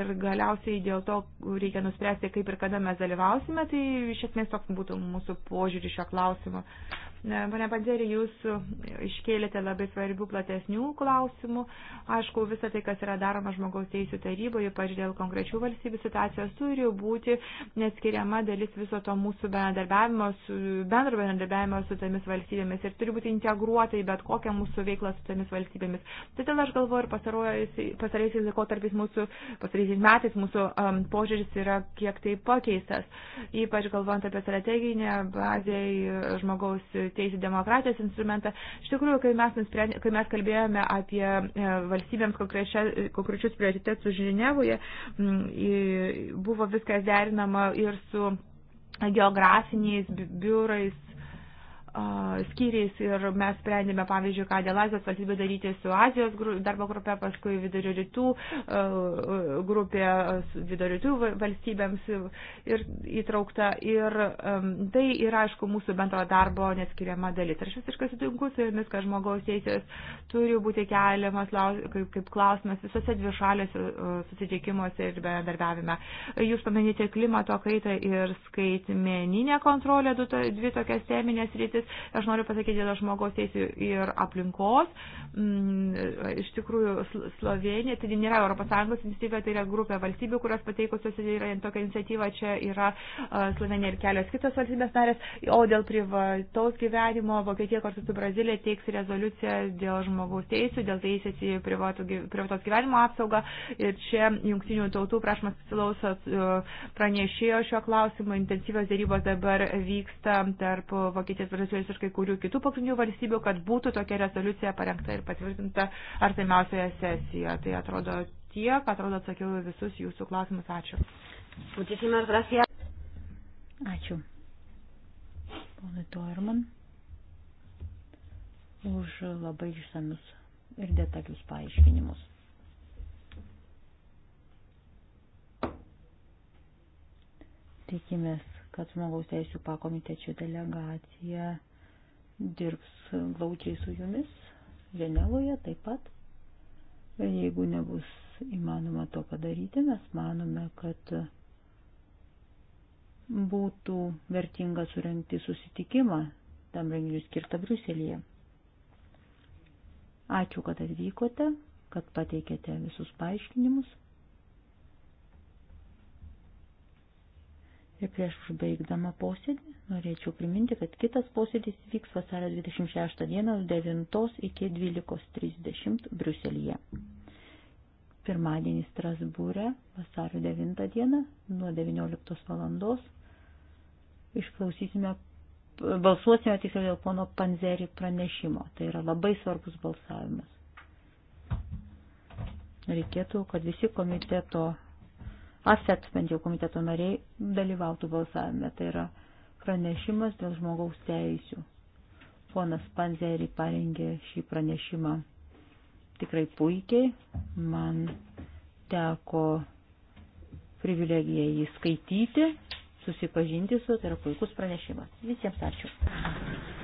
ir galiausiai dėl to reikia nuspręsti, kaip ir kada mes dalyvausime, tai iš esmės toks būtų mūsų požiūrį šio klausimo. Pane Panzerį, jūs iškėlėte labai svarbių platesnių klausimų. Aišku, visą tai, kas yra daroma žmogaus teisų taryboje, ypač dėl konkrečių valstybių situacijos, turi būti neskiriama dalis viso to mūsų bendradarbiavimo su, bendro bendradarbiavimo su tomis valstybėmis ir turi būti integruota į bet kokią mūsų veiklą su tomis valstybėmis. Todėl aš galvoju ir pasaraisiais laikotarpiais mūsų, pasaraisiais metais mūsų um, požiūris yra kiek tai pakeistas, ypač galvojant apie strateginę bazę žmogaus teisų demokratijos instrumentą. Iš tikrųjų, kai mes, nusprendė, kai mes kalbėjome apie e, valstybėms konkrečius prioritetus Ženevoje, buvo viskas derinama ir su geografiniais biurais, skyriais ir mes sprendėme, pavyzdžiui, ką dėl Azijos valstybių daryti su Azijos darbo grupė, paskui vidurio rytų grupė, vidurio rytų valstybėms ir įtraukta. Ir tai yra, aišku, mūsų bendro darbo neskiriama dalis. Aš visiškai sutinku su jumis, kad žmogaus teisės turi būti keliamas kaip, kaip klausimas visose dvišalėse susitikimuose ir bendarbiavime. Jūs paminėjote klimato kaitą ir skaitmeninę kontrolę, dvi tokias teminės rytis požiūris. Aš noriu pasakyti dėl žmogaus teisų ir aplinkos. Mm, iš tikrųjų, Slovenija, tai nėra ES iniciatyva, tai yra grupė valstybių, kurios pateikusios yra tokia iniciatyva, čia yra Slovenija ir kelios kitos valstybės narės. O dėl privataus gyvenimo, Vokietija kartu su Brazilija teiks rezoliuciją dėl žmogaus teisų, dėl teisės į privatos gyvenimo apsaugą. Ir čia jungtinių tautų prašymas specialaus pranešėjo šio klausimo. Intensyvios dėrybos dabar vyksta tarp Vokietijos Brazilų rezoliucijos ir kai kurių kitų pagrindinių valstybių, kad būtų tokia rezoliucija parengta ir patvirtinta artimiausioje sesijoje. Tai atrodo tiek, atrodo atsakiau visus jūsų klausimus. Ačiū. Muchísimas gracias. Ačiū. Pone Toerman, už labai išsamius ir detalius paaiškinimus. Tikimės, kad žmogaus teisų pakomitečių delegacija dirbs glaučiai su jumis Ženevoje taip pat. Jeigu nebus įmanoma to padaryti, mes manome, kad būtų vertinga surenkti susitikimą tam renginiui skirtą Briuselėje. Ačiū, kad atvykote, kad pateikėte visus paaiškinimus. Ir prieš užbaigdama posėdį norėčiau priminti, kad kitas posėdis vyks vasario 26 dieną 9 iki 12.30 Briuselyje. Pirmadienį Strasbūrė vasario 9 dieną nuo 19 valandos išklausysime, balsuosime tiksliau dėl pono Panzerį pranešimo. Tai yra labai svarbus balsavimas. Reikėtų, kad visi komiteto ASET bent jau komiteto nariai dalyvautų balsavime. Tai yra pranešimas dėl žmogaus teisių. Ponas Panzerį parengė šį pranešimą tikrai puikiai. Man teko privilegija jį skaityti, susipažinti su, tai yra puikus pranešimas. Visiems ačiū.